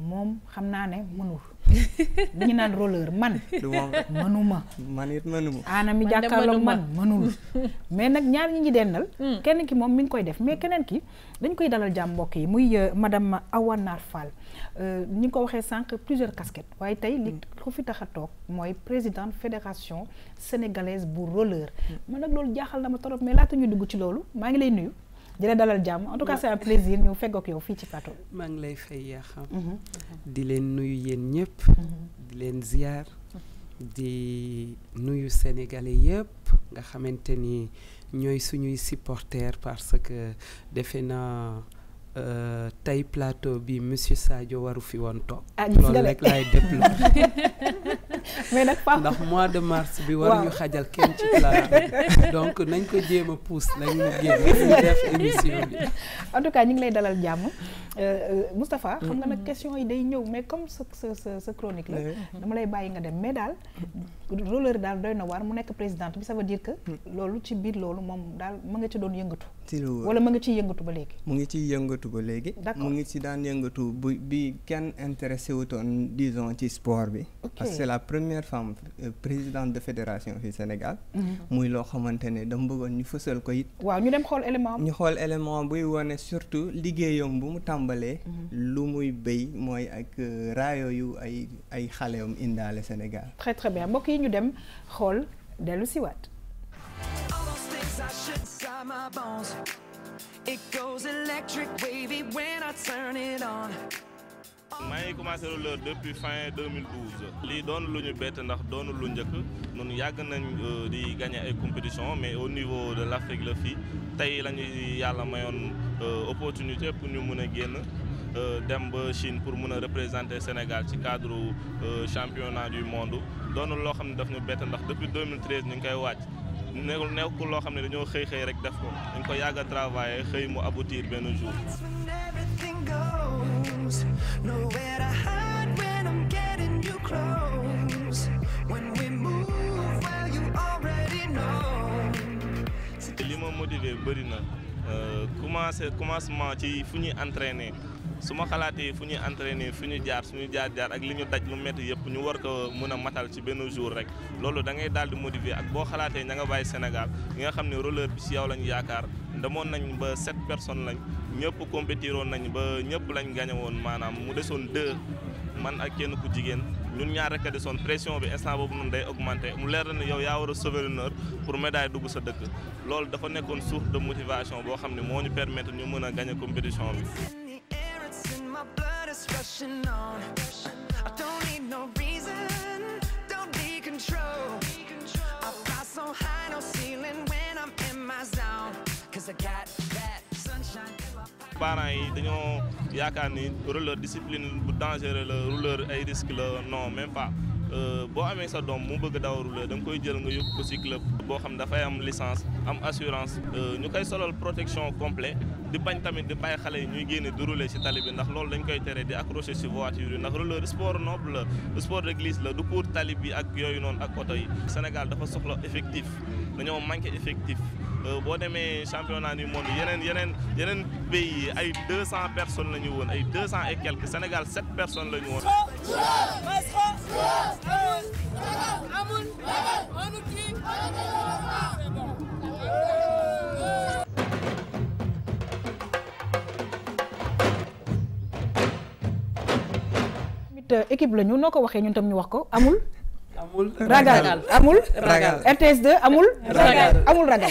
moom xam naa ne mënul li naan roller man mënuma man it aana mi jàkkaarloog man mënul mais nag ñaar ñi ñi dendal hmm. kenn ki moom mi ngi koy def mais keneen ki dañ koy dalal jàmm mbokk yi muy euh, madame Awa Nar Fall euh, ñi ngi ko waxee sànq plusieurs casquettes waaye tey li hmm. ko fi tax a toog mooy présidente fédération sénégalaise bu roller hmm. man nag loolu jaaxal na ma torop mais laata ñu dugg ci loolu maa ngi lay nuyu di dalal jàmm en tout cas c'est un plaisir ñu feggoog yow fii ci plateau maa ngi lay fay yaa xam mhm. di leen nuyu yéen ñëpp mhm. di leen ziar di nuyu sénégalais yëpp nga xamante ni ñooy suñuy supporters parce que defe naa euh, tey plateau bi monsieur Sadio waru fi woon toog ah, loolu rek laay déploré mais nag Pape ndax mois de mars bi war ñu xajal kenn ci Clara donc nañ ko jéem a pousse nañ ñu def émission bi en tout cas ñu ngi lay dalal jàmm euh, euh, Moustapha xam nga nag mm-hmm. question yi day ñëw mais comme sa sa sa chronique la dama lay bàyyi nga dem mais daal rôleur dal doyna war mu nek présidente bi ça veut dire que. Hmm. lolu ci biir lolu mom dal ma nga ci doon yeungatu wala ma nga ci yeungatu ba léegi. mu ngi ci yeungatu ba léegi. mu ngi ci dan yeungatu bi ken intéressé wutoon disons ci sport bi. parce que c'est la première femme euh, présidente de fédération au Sénégal. Hmm. muy lo xamantene da dama bëggoon ñu fësal ko it. waaw ñu dem xol élément ñu xol élément bu wone surtout liggéeyam bu mu tambalé hmm. lu muy béy moy ak euh, raayo yu ay ay xaléum indalé Sénégal. très très bien mbokk yi ñu dem xool dellu si waat maa ngi commencé roller depuis fin 2012 Li doon luñu bété ndax donu luñu njëkk ñun yag nañ euh, di gagné ay compétition mais au niveau de l'Afrique la fii tay la yalla yàlla euh, opportunité pour ñu mëna a génn Euh, dem ba Chine pour mun a représenter Sénégal ci cadre euh, championnat du monde doonul loo xam ne daf ñu bett ndax depuis 2013 ñu ngi koy wàcc nekkul nekkul loo xam ne dañoo xëy xëy rek def ko dañ ko yàgg a travailler xëy mu aboutir benn jour. li ma motivé bëri na euh, commencé commencement ci fu ñuy entraîner. su ma xalaatee fu ñuy entraîner fu ñu jaar suñu jaar-jaar ak li ñu daj lu métti yëpp ñu war ko mën a matal ci benn jour rek loolu da ngay daal di motiver ak boo xalaatee ña nga bàyyi Sénégal ñi nga xam ne rouleur bi ci yow lañ yaakaar demoon nañ ba sept personnes lañ ñëpp compétiroon nañ ba ñëpp lañ gañe woon maanaam mu desoon deux man ak kenn ku jigéen ñun ñaar rek a desoon pression bi instant boobu noonu day augmenté mu leer na yow yaa wara a sauver l'honneur pour médaille dugg sa dëkk loolu dafa nekkoon source de boo xam ne moo ñu permettre ñu mën a gagné compétition bi. what's on. I don't need no reason, don't be control. I fly so high, no ceiling when I'm in my zone. Cause I got that sunshine. parents yi dañoo yaakaar ni rouleur discipline bu dangereux la rouleur ay risque la non même pas Euh, Bo amé sa dom mu bëgg koy jël am licence am assurance Nous euh, koy une protection complet di bañ tamit di ci ndax loolu dañ koy di accrocher ci voiture le sport noble le sport d'église la du pour ak ak yi Sénégal effectif avons manqué effectif euh, boo demee championnat du monde pays ay personnes la ñu ay et quelques Sénégal 7 personnes équipe amul ragal amul ragal RTS 2 amul ragal amul ragal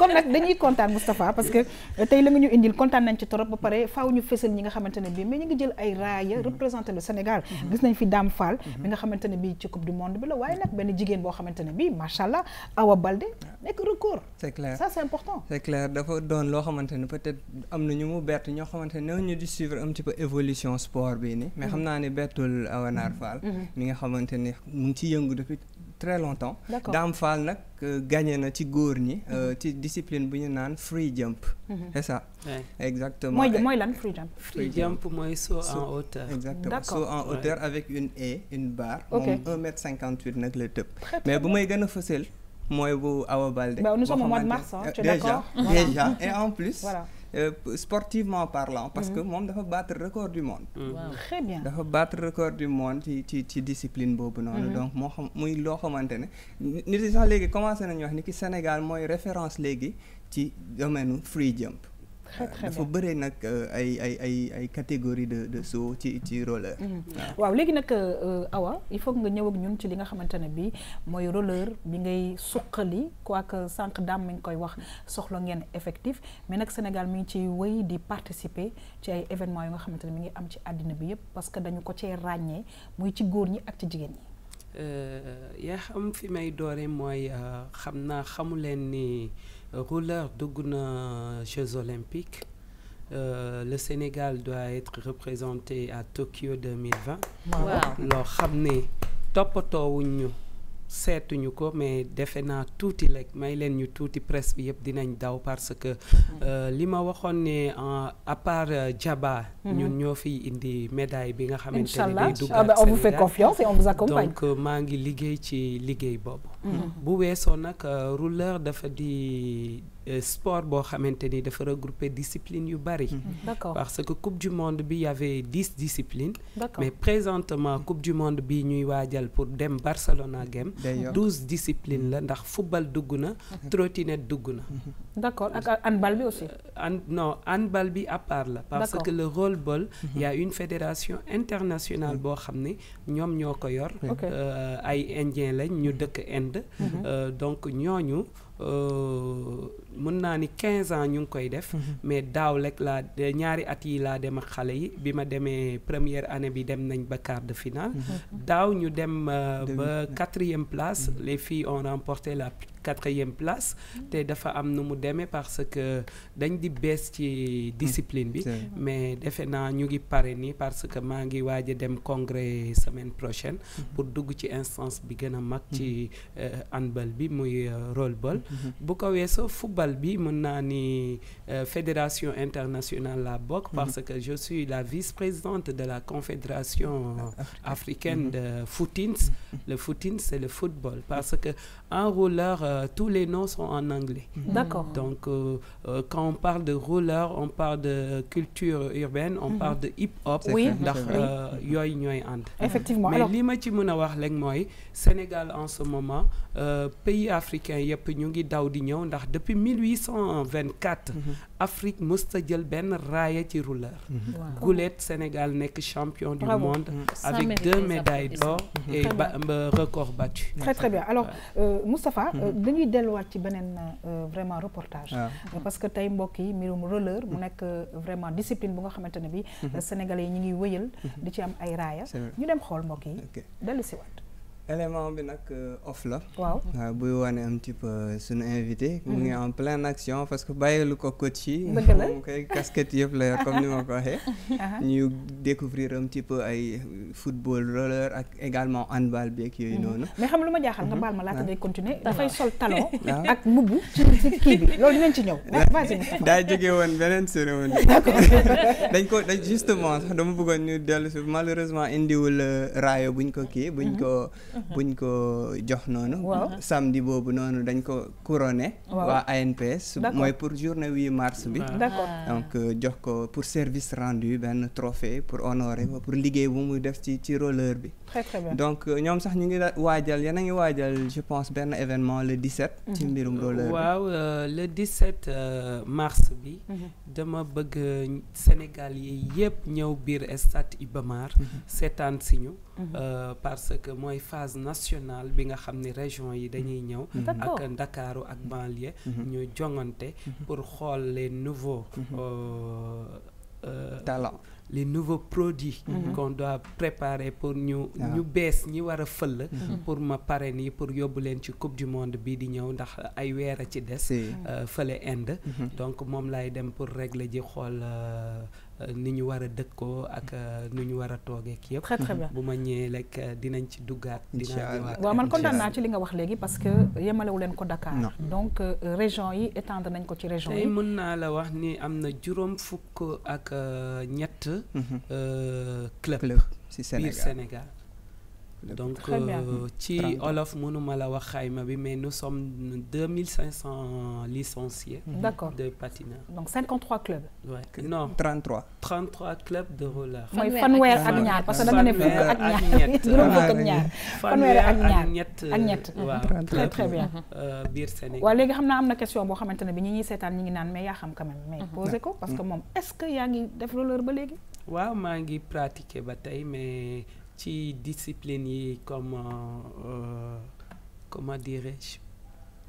kon euh, nag dañuy kontaan Moustapha parce que euh, tey la nga ñu indil kontaan nañ ci trop ba pare faaw ñu fësal ñi nga xamante ne bii mais ñu ngi jël ay raaya représenté le Sénégal mhm. gis nañ fi Dame Fall bi mhm. nga xamante ne bii ci coupe du monde bi la waaye nag benn jigéen boo xamante ne bii macha allah Awa Balde nekk recours. c'est clair ça c'est important. c'est clair dafa doon loo xamante ne peut-être am na ñu mu bett ñoo xamante ne ñu di suivre un petit peu évolution sport bi ni mais xam mhm. naa ne bettul Awa Fall. Mhm. Mhm. mi nga xamante ne mu ngi ciy yëngu depuis très longtemps. Dame Fall nag euh, gagné na ci góor ñi. Euh, ci discipline bu ñu naan free jump. c'est ça. exactement mooy mooy lan free jump. free jump mooy saut en hauteur. exactement saut en hauteur avec une haie une barre. moom 1 mètre 58 nag la tëb. mais bu may gën a fësal. Bah, nous sommes au mois de mars hein, tu es d'accord déjà et en plus. Euh, sportivement parlant parce que nous mhm. dafa battre record du monde mhm. très bien dafa battre le record du monde ci ci discipline mhm. donc nous xam muy loo xamante Nous nit sax commencé à wax que le Sénégal une référence dans le domaine free jump très très bien dafa bëree nag euh, ay ay ay ay catégorie de de saut ci ci mm-hmm. waaw léegi nag euh, Awa il faut nga ñëw ñun ci li nga xamante ne bii mooy roller bi ngay suqali que sànq daam mi ngi koy wax soxla ngeen effectif mais nag Sénégal mi ngi ci wéy di participer ci ay événements yu nga xamante ne mi ngi am ci àddina bi yëpp parce que dañu ko cee ràññee muy ci góor ñi ak ci jigéen ñi. Euh, yaa xam fi may doore mooy xam naa xamu leen ni. Rouleur d'Ouguna Jeux Olympiques. Euh, le Sénégal doit être représenté à Tokyo 2020. Wow seetuñu ko mais defe naa tuuti rek may leen ñu tuuti presse bi yëpp dinañ daw parce que mm-hmm. euh, li ma waxoon ne à part Djaba. Euh, mm-hmm. ñun ñoo fi indi médaille bi nga xamante ne day duggaat ah, bah, on vous fait confiance et on vous accompagne donc euh, maa ngi liggéey ci liggéey boobu mm-hmm. bu weesoo nag rouleur dafa di euh, sport bo xamante ni dafa regrouper discipline yu bari mm-hmm. Mm-hmm. parce que coupe du monde bi y avait 10 disciplines mais présentement mm-hmm. coupe du monde bi ñuy waajal pour dem Barcelona game 12 disciplines la ndax football duguna trottinette duguna d'accord ak handball bi aussi euh, non Anne Balbi à part parce que le roll il y a une fédération internationale qui xamné ñom ñoko yor euh, ay indien lañ ñu dëkk Inde donc euh, mën naa ni 15 ans ñu ngi koy def. Mhm. mais daaw rek laa ñaari at yi laa dem ak xale yi bi ma demee première année bi dem nañ ba quart de finale. Mhm. daaw ñu dem euh, ba quatrième place mhm. les filles ont remporté la quatrième place te dafa am nu mu parce que dañ di bees ci discipline bi mais defe naa ñu ngi paré ni parce que ma ngi waaj dem congrès semaine prochaine mhm. pour dugg ci instance bi gëna mag ci mhm. euh, handball bi muy euh, roll ball mhm. bu ko weesoo football bi mën ni euh, fédération internationale la bok parce que je suis la vice-présidente de la confédération africaine de footings le footings c'est le football parce que un roller, euh, tous les noms sont en anglais. Mm-hmm. D'accord. Donc, euh, euh, quand on parle de roller, on parle de culture urbaine, on mm-hmm. parle de hip-hop. Oui. effectivement mais li ma ci Sénégal en ce moment pays africain y'a ñu ngi daw di depuis 1824. Mm-hmm. Afrique must ben jël ben raaya ci roller. Goulet Sénégal champion du monde. avec deux médailles d'or et record battu. très très bien alors. Moustapha nous mhm. euh, avons ci euh, vraiment reportage ah. euh, parce que as mbokk roller mm. vraiment discipline bu mhm. sénégalais yi ngi élément bi euh, off la. waaw un petit peu mhm. en pleine action parce que bàyyilu ko coach casquette la comme ni découvrir un petit peu football roller et également handball ak yoy mhm. non. mais xam lu ma nga mhm. bal ma la tay continuer fay sol talon. ak ci cérémonie. ko justement dama ñu malheureusement euh, buñ ko Uh-huh. buñ ko jox noonu samedi boobu noonu dañ ko couronné waa ANPS mooy pour journée 8 mars bi donc euh, jox ko pour service rendu benn trophée pour honorer ko pour liggéey bu muy def ci ci roller bi donc euh, ñoom sax ñu ngi waajal yéen a ngi waajal je pense benn événement le 17 uh-huh. ci mbirum roller bi waaw euh, le 17 mars bi uh-huh. dama bëgg Sénégal yi yëpp ñëw biir stade Ibamar seetaan Mhm. Euh, parce que moi phase nationale bi nga xam région yi dañuy mhm. ñëw mhm. ak Dakar ak banlieue ñu jongante pour xol les nouveaux euh, euh, talents les nouveaux produits qu'on doit préparer pour ñu ah. ñu bees ñi war a pour ma pare pour yóbbu ci coupe du monde bi di ñëw ndax ay wéra a ci des fële Inde donc mom lay dem pour régler ji euh, ni ñu war a dëkkoo ak euh, nu ñu war a toogeek yëpp bu ma ñëwee lekk euh, dinañ ci duggaat dinaa waaw man kontaan naa ci li nga wax léegi parce que yemalewu leen ko Dakar donc euh, région yi étendre nañ ko ci région yi mën naa la wax ni am na juróom fukk ak ñett mhm. club biir Sénégal Donc, Très euh, bien. Olaf Monumalawakhaïma, mais nous sommes 2500 licenciés mhm. de patineurs. Donc, 53 clubs ouais. Non. 33. 33 clubs de roller. Oui, Fanwer Agnat, parce que nous avons beaucoup Agnat. Nous avons beaucoup Fanwer Agnat. Agnat. Très, très bien. Bir Sénégal. Oui, maintenant, nous avons une question. Nous avons une question. Nous avons une question. Mais nous avons quand même. Mais mhm. posez-vous, parce que mhm. moi, est-ce que vous avez fait le roller? Oui, je pratique pratiqué, mais discipliné discipliné euh, comment dirais-je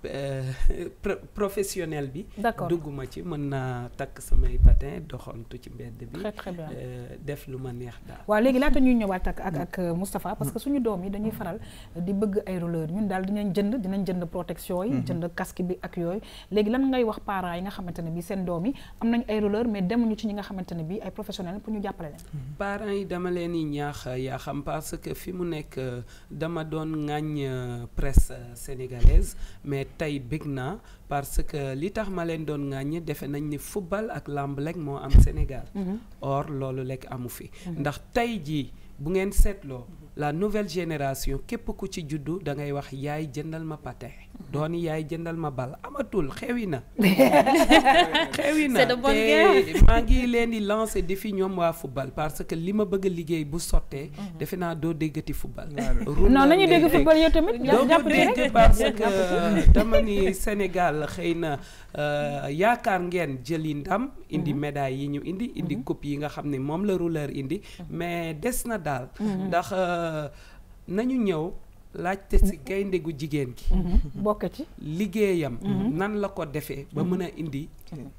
Eh, professionnel bi. duguma ci mën naa takk samay patin doxantu ci mbedd bi. Eh, def lu ma neex daal. waaw léegi laata ñuy ñëwaat tak ak ak Mustafa mm. euh, parce mm. que suñu doom yi dañuy faral di bëgg ay roller ñun daal dinañ jënd dinañ jënd protection yi. Mm-hmm. jënd casque bi ak yoy legui lan ngay wax parents yi nga xamante bi seen doom yi am nañ ay roller mais ñu ci ñi nga xamante bi ay professionnel pour ñu jappalé len mm-hmm. parents yi dama leen ni ñaax ya xam parce que fi mu nekk euh, dama doon ngagne euh, presse sénégalaise mais. tay bigna parce que li tax ma leen doon ŋàññi nañ ni football ak làmb lekk am Sénégal mhm. or lolu lek amu fi mhm. ndax tay ji bu ngeen setlo la nouvelle génération képp ku ci juddu da ngay wax yaay jëndal ma patin doon yaay jëndal ma bal amatul xewi na xewi na te maa ngi leen di lancer défi ñoom waa football parce que li ma bëgg liggéey bu sottee mhm. defe naa doo déggati football non nañu dégg football yow tamit doo dégg parce que euh, dama ni Sénégal xëy na euh, yaakaar ngeen jël yi ndam indi mhm. médaille yi ñu indi indi mhm. coupe yi nga xam ne moom la rouleur indi mais des na daal ndax euh, nañu ñëw laajte si gaynde gu jigéen gi. Mhm. Mhm. bokk ci liggéeyam. Mhm. nan la ko defee ba mën a indi.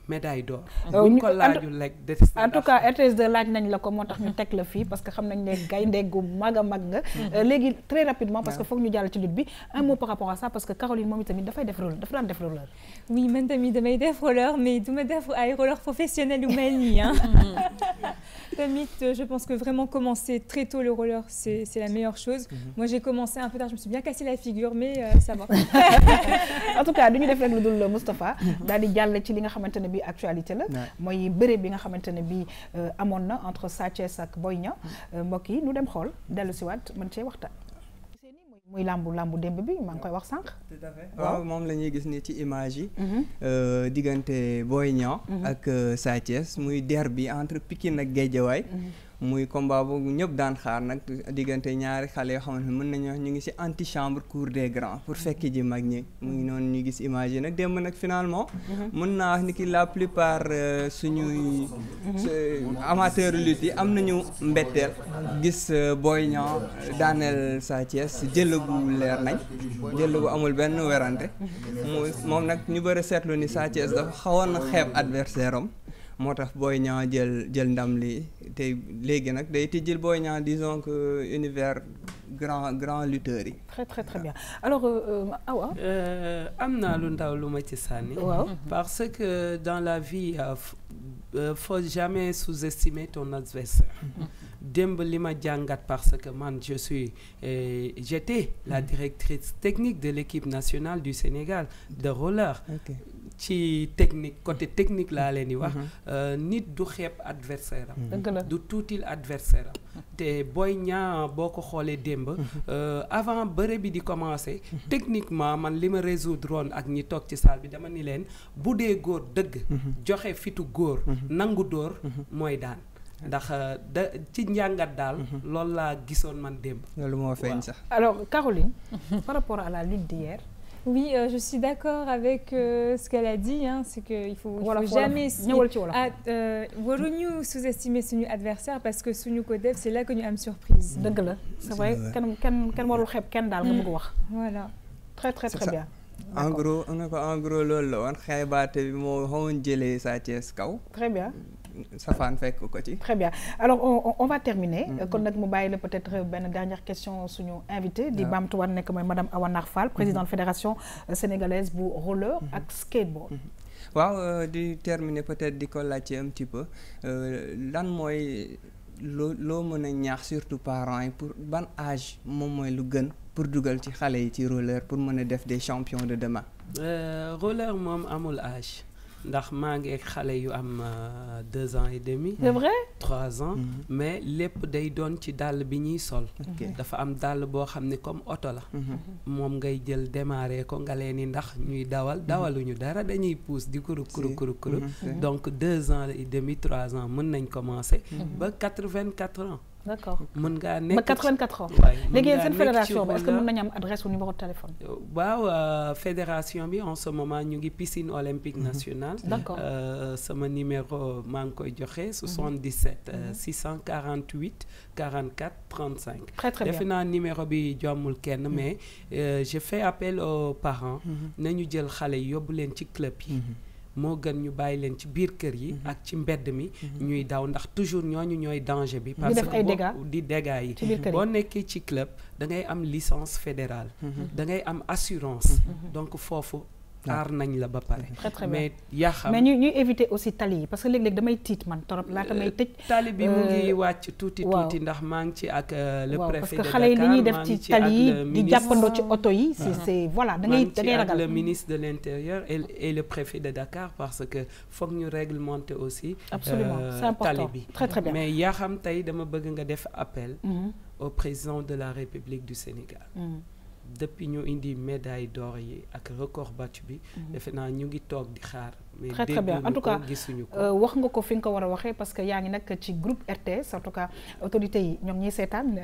médaille d'or. Euh, buñ ko laajul rek en tout cas RTS de laaj nañ la ko moo tax ñu teg la fii parce que xam nañ ne gaynde gu mag a mag nga. Euh, léegi très rapidement parce que foog ñu jàll ci lutte bi un mot par rapport à ça parce que Caroline moom itamit dafay def rôle dafa daan def roller. oui man tamit damay def roller mais du ma def ay roller professionnel yu mel nii hein. Euh, je pense que vraiment commencer très tôt le roller, c'est la meilleure chose. Mhm. Moi, j'ai commencé un peu tard, je me suis bien cassé la figure, mais euh, ça va. en tout cas, je vous def rek euh, Moustapha mhm. daal di jàll ci li nga xamante ne actualité la. mooy bëre bi nga entre Sa et ak Boy mhm. dem xool dellu muy làmbu làmbu démb bi maa ngi koy wax sànq. waaw moom la ñuy gis ni ci image yi. Mhm. Euh, diggante Boy Niang. Mhm. ak euh, Sa Thiès muy derby entre Pikine ak Guédiawaye. Mhm. muy combat boobu ñëpp daan xaar nag diggante ñaari xale yoo xamante ne mën nañu wax ñu ngi ci antichambre cour de grands pour fekk ji mag ñi mu ngi noonu ñu gis image yi nag démb nag finalement. Mhm. mën naa wax ni ki la plupart euh, suñuy. amateur lutte yi am nañu mbetteel. gis euh, Boy Niang daaneel Sa Thiès jël bu leer nañ. jël bu amul benn werante. Mhm. moom nag ñu bëri seetlu ni Sa Thiès dafa xawoon na xeeb moo tax Boy Niang jël jël ndam lii te léegi nag day tijjil Boy Niang disons que univers grand grand lutteur yi. très très très bien alors euh, euh, Awa. Euh, am naa lu ndaw lu ma ci sànni. waaw parce que dans la vie faut jamais sous-estimer ton adversaire. démb li ma jàngat parce que man je suis j'étais la mm-hmm. directrice technique de l'équipe nationale du Sénégal de roller ci technique côté technique la leni wax mhm. euh nit du xeeb adversaire am mhm. du tuutil adversaire am te Boy Niang boo ko xoolee démb mhm. euh, avant bëre bi di commencer techniquement man lima ma résoudre woon ak ñi tok ci salle bi dama ni len bu gor deug joxé fitu gor nangu dor moy daan ndax euh, ci njàngat daal. loolu laa gisoon man démb. loolu moo feeñ sax. alors Caroline. par rapport à la lutte d'hier oui, euh, je suis d'accord avec euh, ce qu'elle a dit. Hein, c'est qu'il faut, faut jamais ah, euh, sous-estimer son adversaire parce que c'est là que surprise. c'est vrai voilà très très très bien. en gros très bien. Safane ko très bien alors on, on va terminer. C'est mm-hmm. nag peut-être une dernière question suñu invité. di ah. baamtuwaat Awan madame Awa Nar présidente mm-hmm. fédération euh, sénégalaise pour roller et mm-hmm. skateboard. waaw euh, di terminer peut-être di un petit peu euh, lan mooy loo surtout parents et pour ban âge moom mooy lu gën pour dugal ci xale roller pour mën def des champions de demain. roller à amul âge ndax maa ngi ak xale yu am euh, deux ans et demi. c'est vrai trois ans. Mm-hmm. mais lépp day doon ci dàll bi ñuy sol. dafa am dàll boo xam ne comme oto la. Mm-hmm. moom ngay jël démarrer ko nga leen ni ndax ñuy dawal mm-hmm. dawaluñu dara dañuy pousse di kuru kuru kuru kuru donc deux ans et demi trois ans mën nañ commencer. ba quatre-vingt-quatre ans. D'accord, 84 ans. fédération est ce que vous avez une adresse ou numéro de téléphone. la euh, euh, fédération bi en ce moment avons une piscine olympique mhm. nationale. D'accord. C'est euh, numéro 77 648 44 35. très très bien numéro bi Jamulken, mhm. mais je fais appel aux parents. Mhm. nañu jël enfants yóbbu ci club moo gën ñu bàyyi leen ci biir kër yi mhm. ak ci mbedd mi mhm. ñuy daw ndax toujours ñooñu ñooy danger bi parce que boo di dégâts yi boo nekkee ci club da ngay am licence fédérale mhm. dangay am assurance donc foofu aar nañ la ba paré mais ya xam mais ñu ñuy éviter aussi tali parce que léeg-léeg damay tiit man torop la tamay tëj. tali bi mu ngi euh, wacc touti touti ndax ma ngi ci ak euh, le préfet de Dakar parce que xalé li ñi def ci tali di jappando ci auto yi. c'est c'est voilà da ngay da ngay ragal le ministre de l'intérieur et et le préfet de Dakar parce que foog ñu réglementer aussi. absolument euh, c'est important très très bien mais ya xam tay dama bëgg nga def appel. Mm-hmm. au président de la République du Sénégal. Mm-hmm. depuis ñu indi médaille d'or yi ak record battu bi. Mm-hmm. defe naa ñu ngi toog di xaar très très bien en tout cas euh, wax nga ko fi nga ko war a parce que yaa ngi nag ci groupe RTS en tout cas autorité yi ñoom ñuy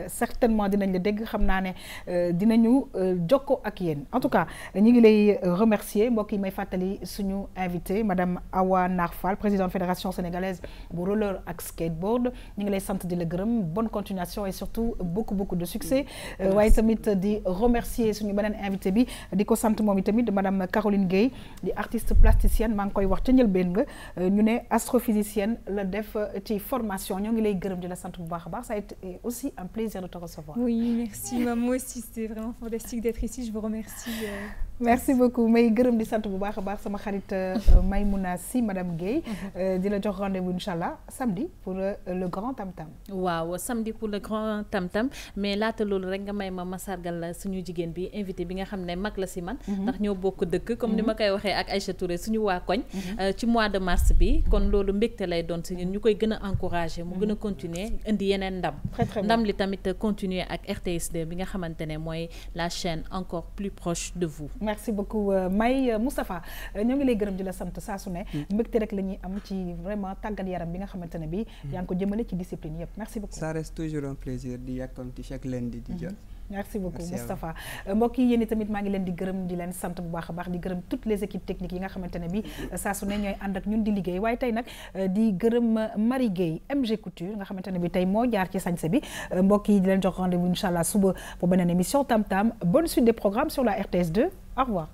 certainement dinañ la dégg xam naa ne euh, dinañu euh, joko ak yéen en tout cas ñi ngi lay remercier mbokk yi may fatali, suñu invité madame Awa Nar présidente fédération sénégalaise bu roller ak skateboard ñi ngi lay sante di la gërëm bonne continuation et surtout beaucoup beaucoup de succès waaye tamit di remercier suñu benen invité bi diko sante momi tamit madame Caroline Gay, di artiste plasticienne koy wax ñël ben nga euh, ñu né astrophysicienne la def euh, ci formation ñoo ngi lay gëreum di la sant bu baax baax ça a été euh, aussi un plaisir de te recevoir. oui merci maman aussi c'était vraiment fantastique d'être ici je vous remercie merci beaucoup may gërëm di sant bu baax a baax sama xarit euh, Maymouna madame Gay, mhm. euh, di la jox rendez-vous incha samedi pour euh, le grand tam-tam waaw samedi pour le grand tam-tam mais laata loolu rek nga may ma masargal la suñu jigéen bi invité bi nga xam ne mag la si man mhm. ndax ñoo bokk dëkk comme ni mhm. ma koy waxee ak Aïcha Touré suñu waa koñ ci mois de mars bi kon loolu mbégte lay doon si ñun ñu koy gën a encouragé mu gën a continuer indi yeneen ndam ndam li tamit continuer ak RTSD bi nga xamante ne mooy la chaîne encore plus proche de vous merci beaucoup euh, May euh, Moustapha euh, ñoo ngi lay gërëm di la sant sa su ne. Mm. mbégte rek la ñuy am ci vraiment tagal yaram bi nga xamante bi mm. yaa ngi ko jëmale ci discipline yépp merci beaucoup. ça reste toujours un plaisir di yàkkamti chaque lundi di mm-hmm. jël. merci beaucoup Moustapha Mbok yi yéen tamit ma ngi leen di gërëm di leen sant bu baax baax di gërëm toutes les équipes techniques yi nga xamante bi mm-hmm. sa su ne ñoy ànd ak ñun di liggéey waaye tay nak di gërëm Marie Gueye MG Couture nga xamante bi tay mo jaar ci sañse bi mbok yi di leen jox rendez-vous incha suba pour benen émission tam tam bonne suite des programmes sur la RTS 2 au revoir.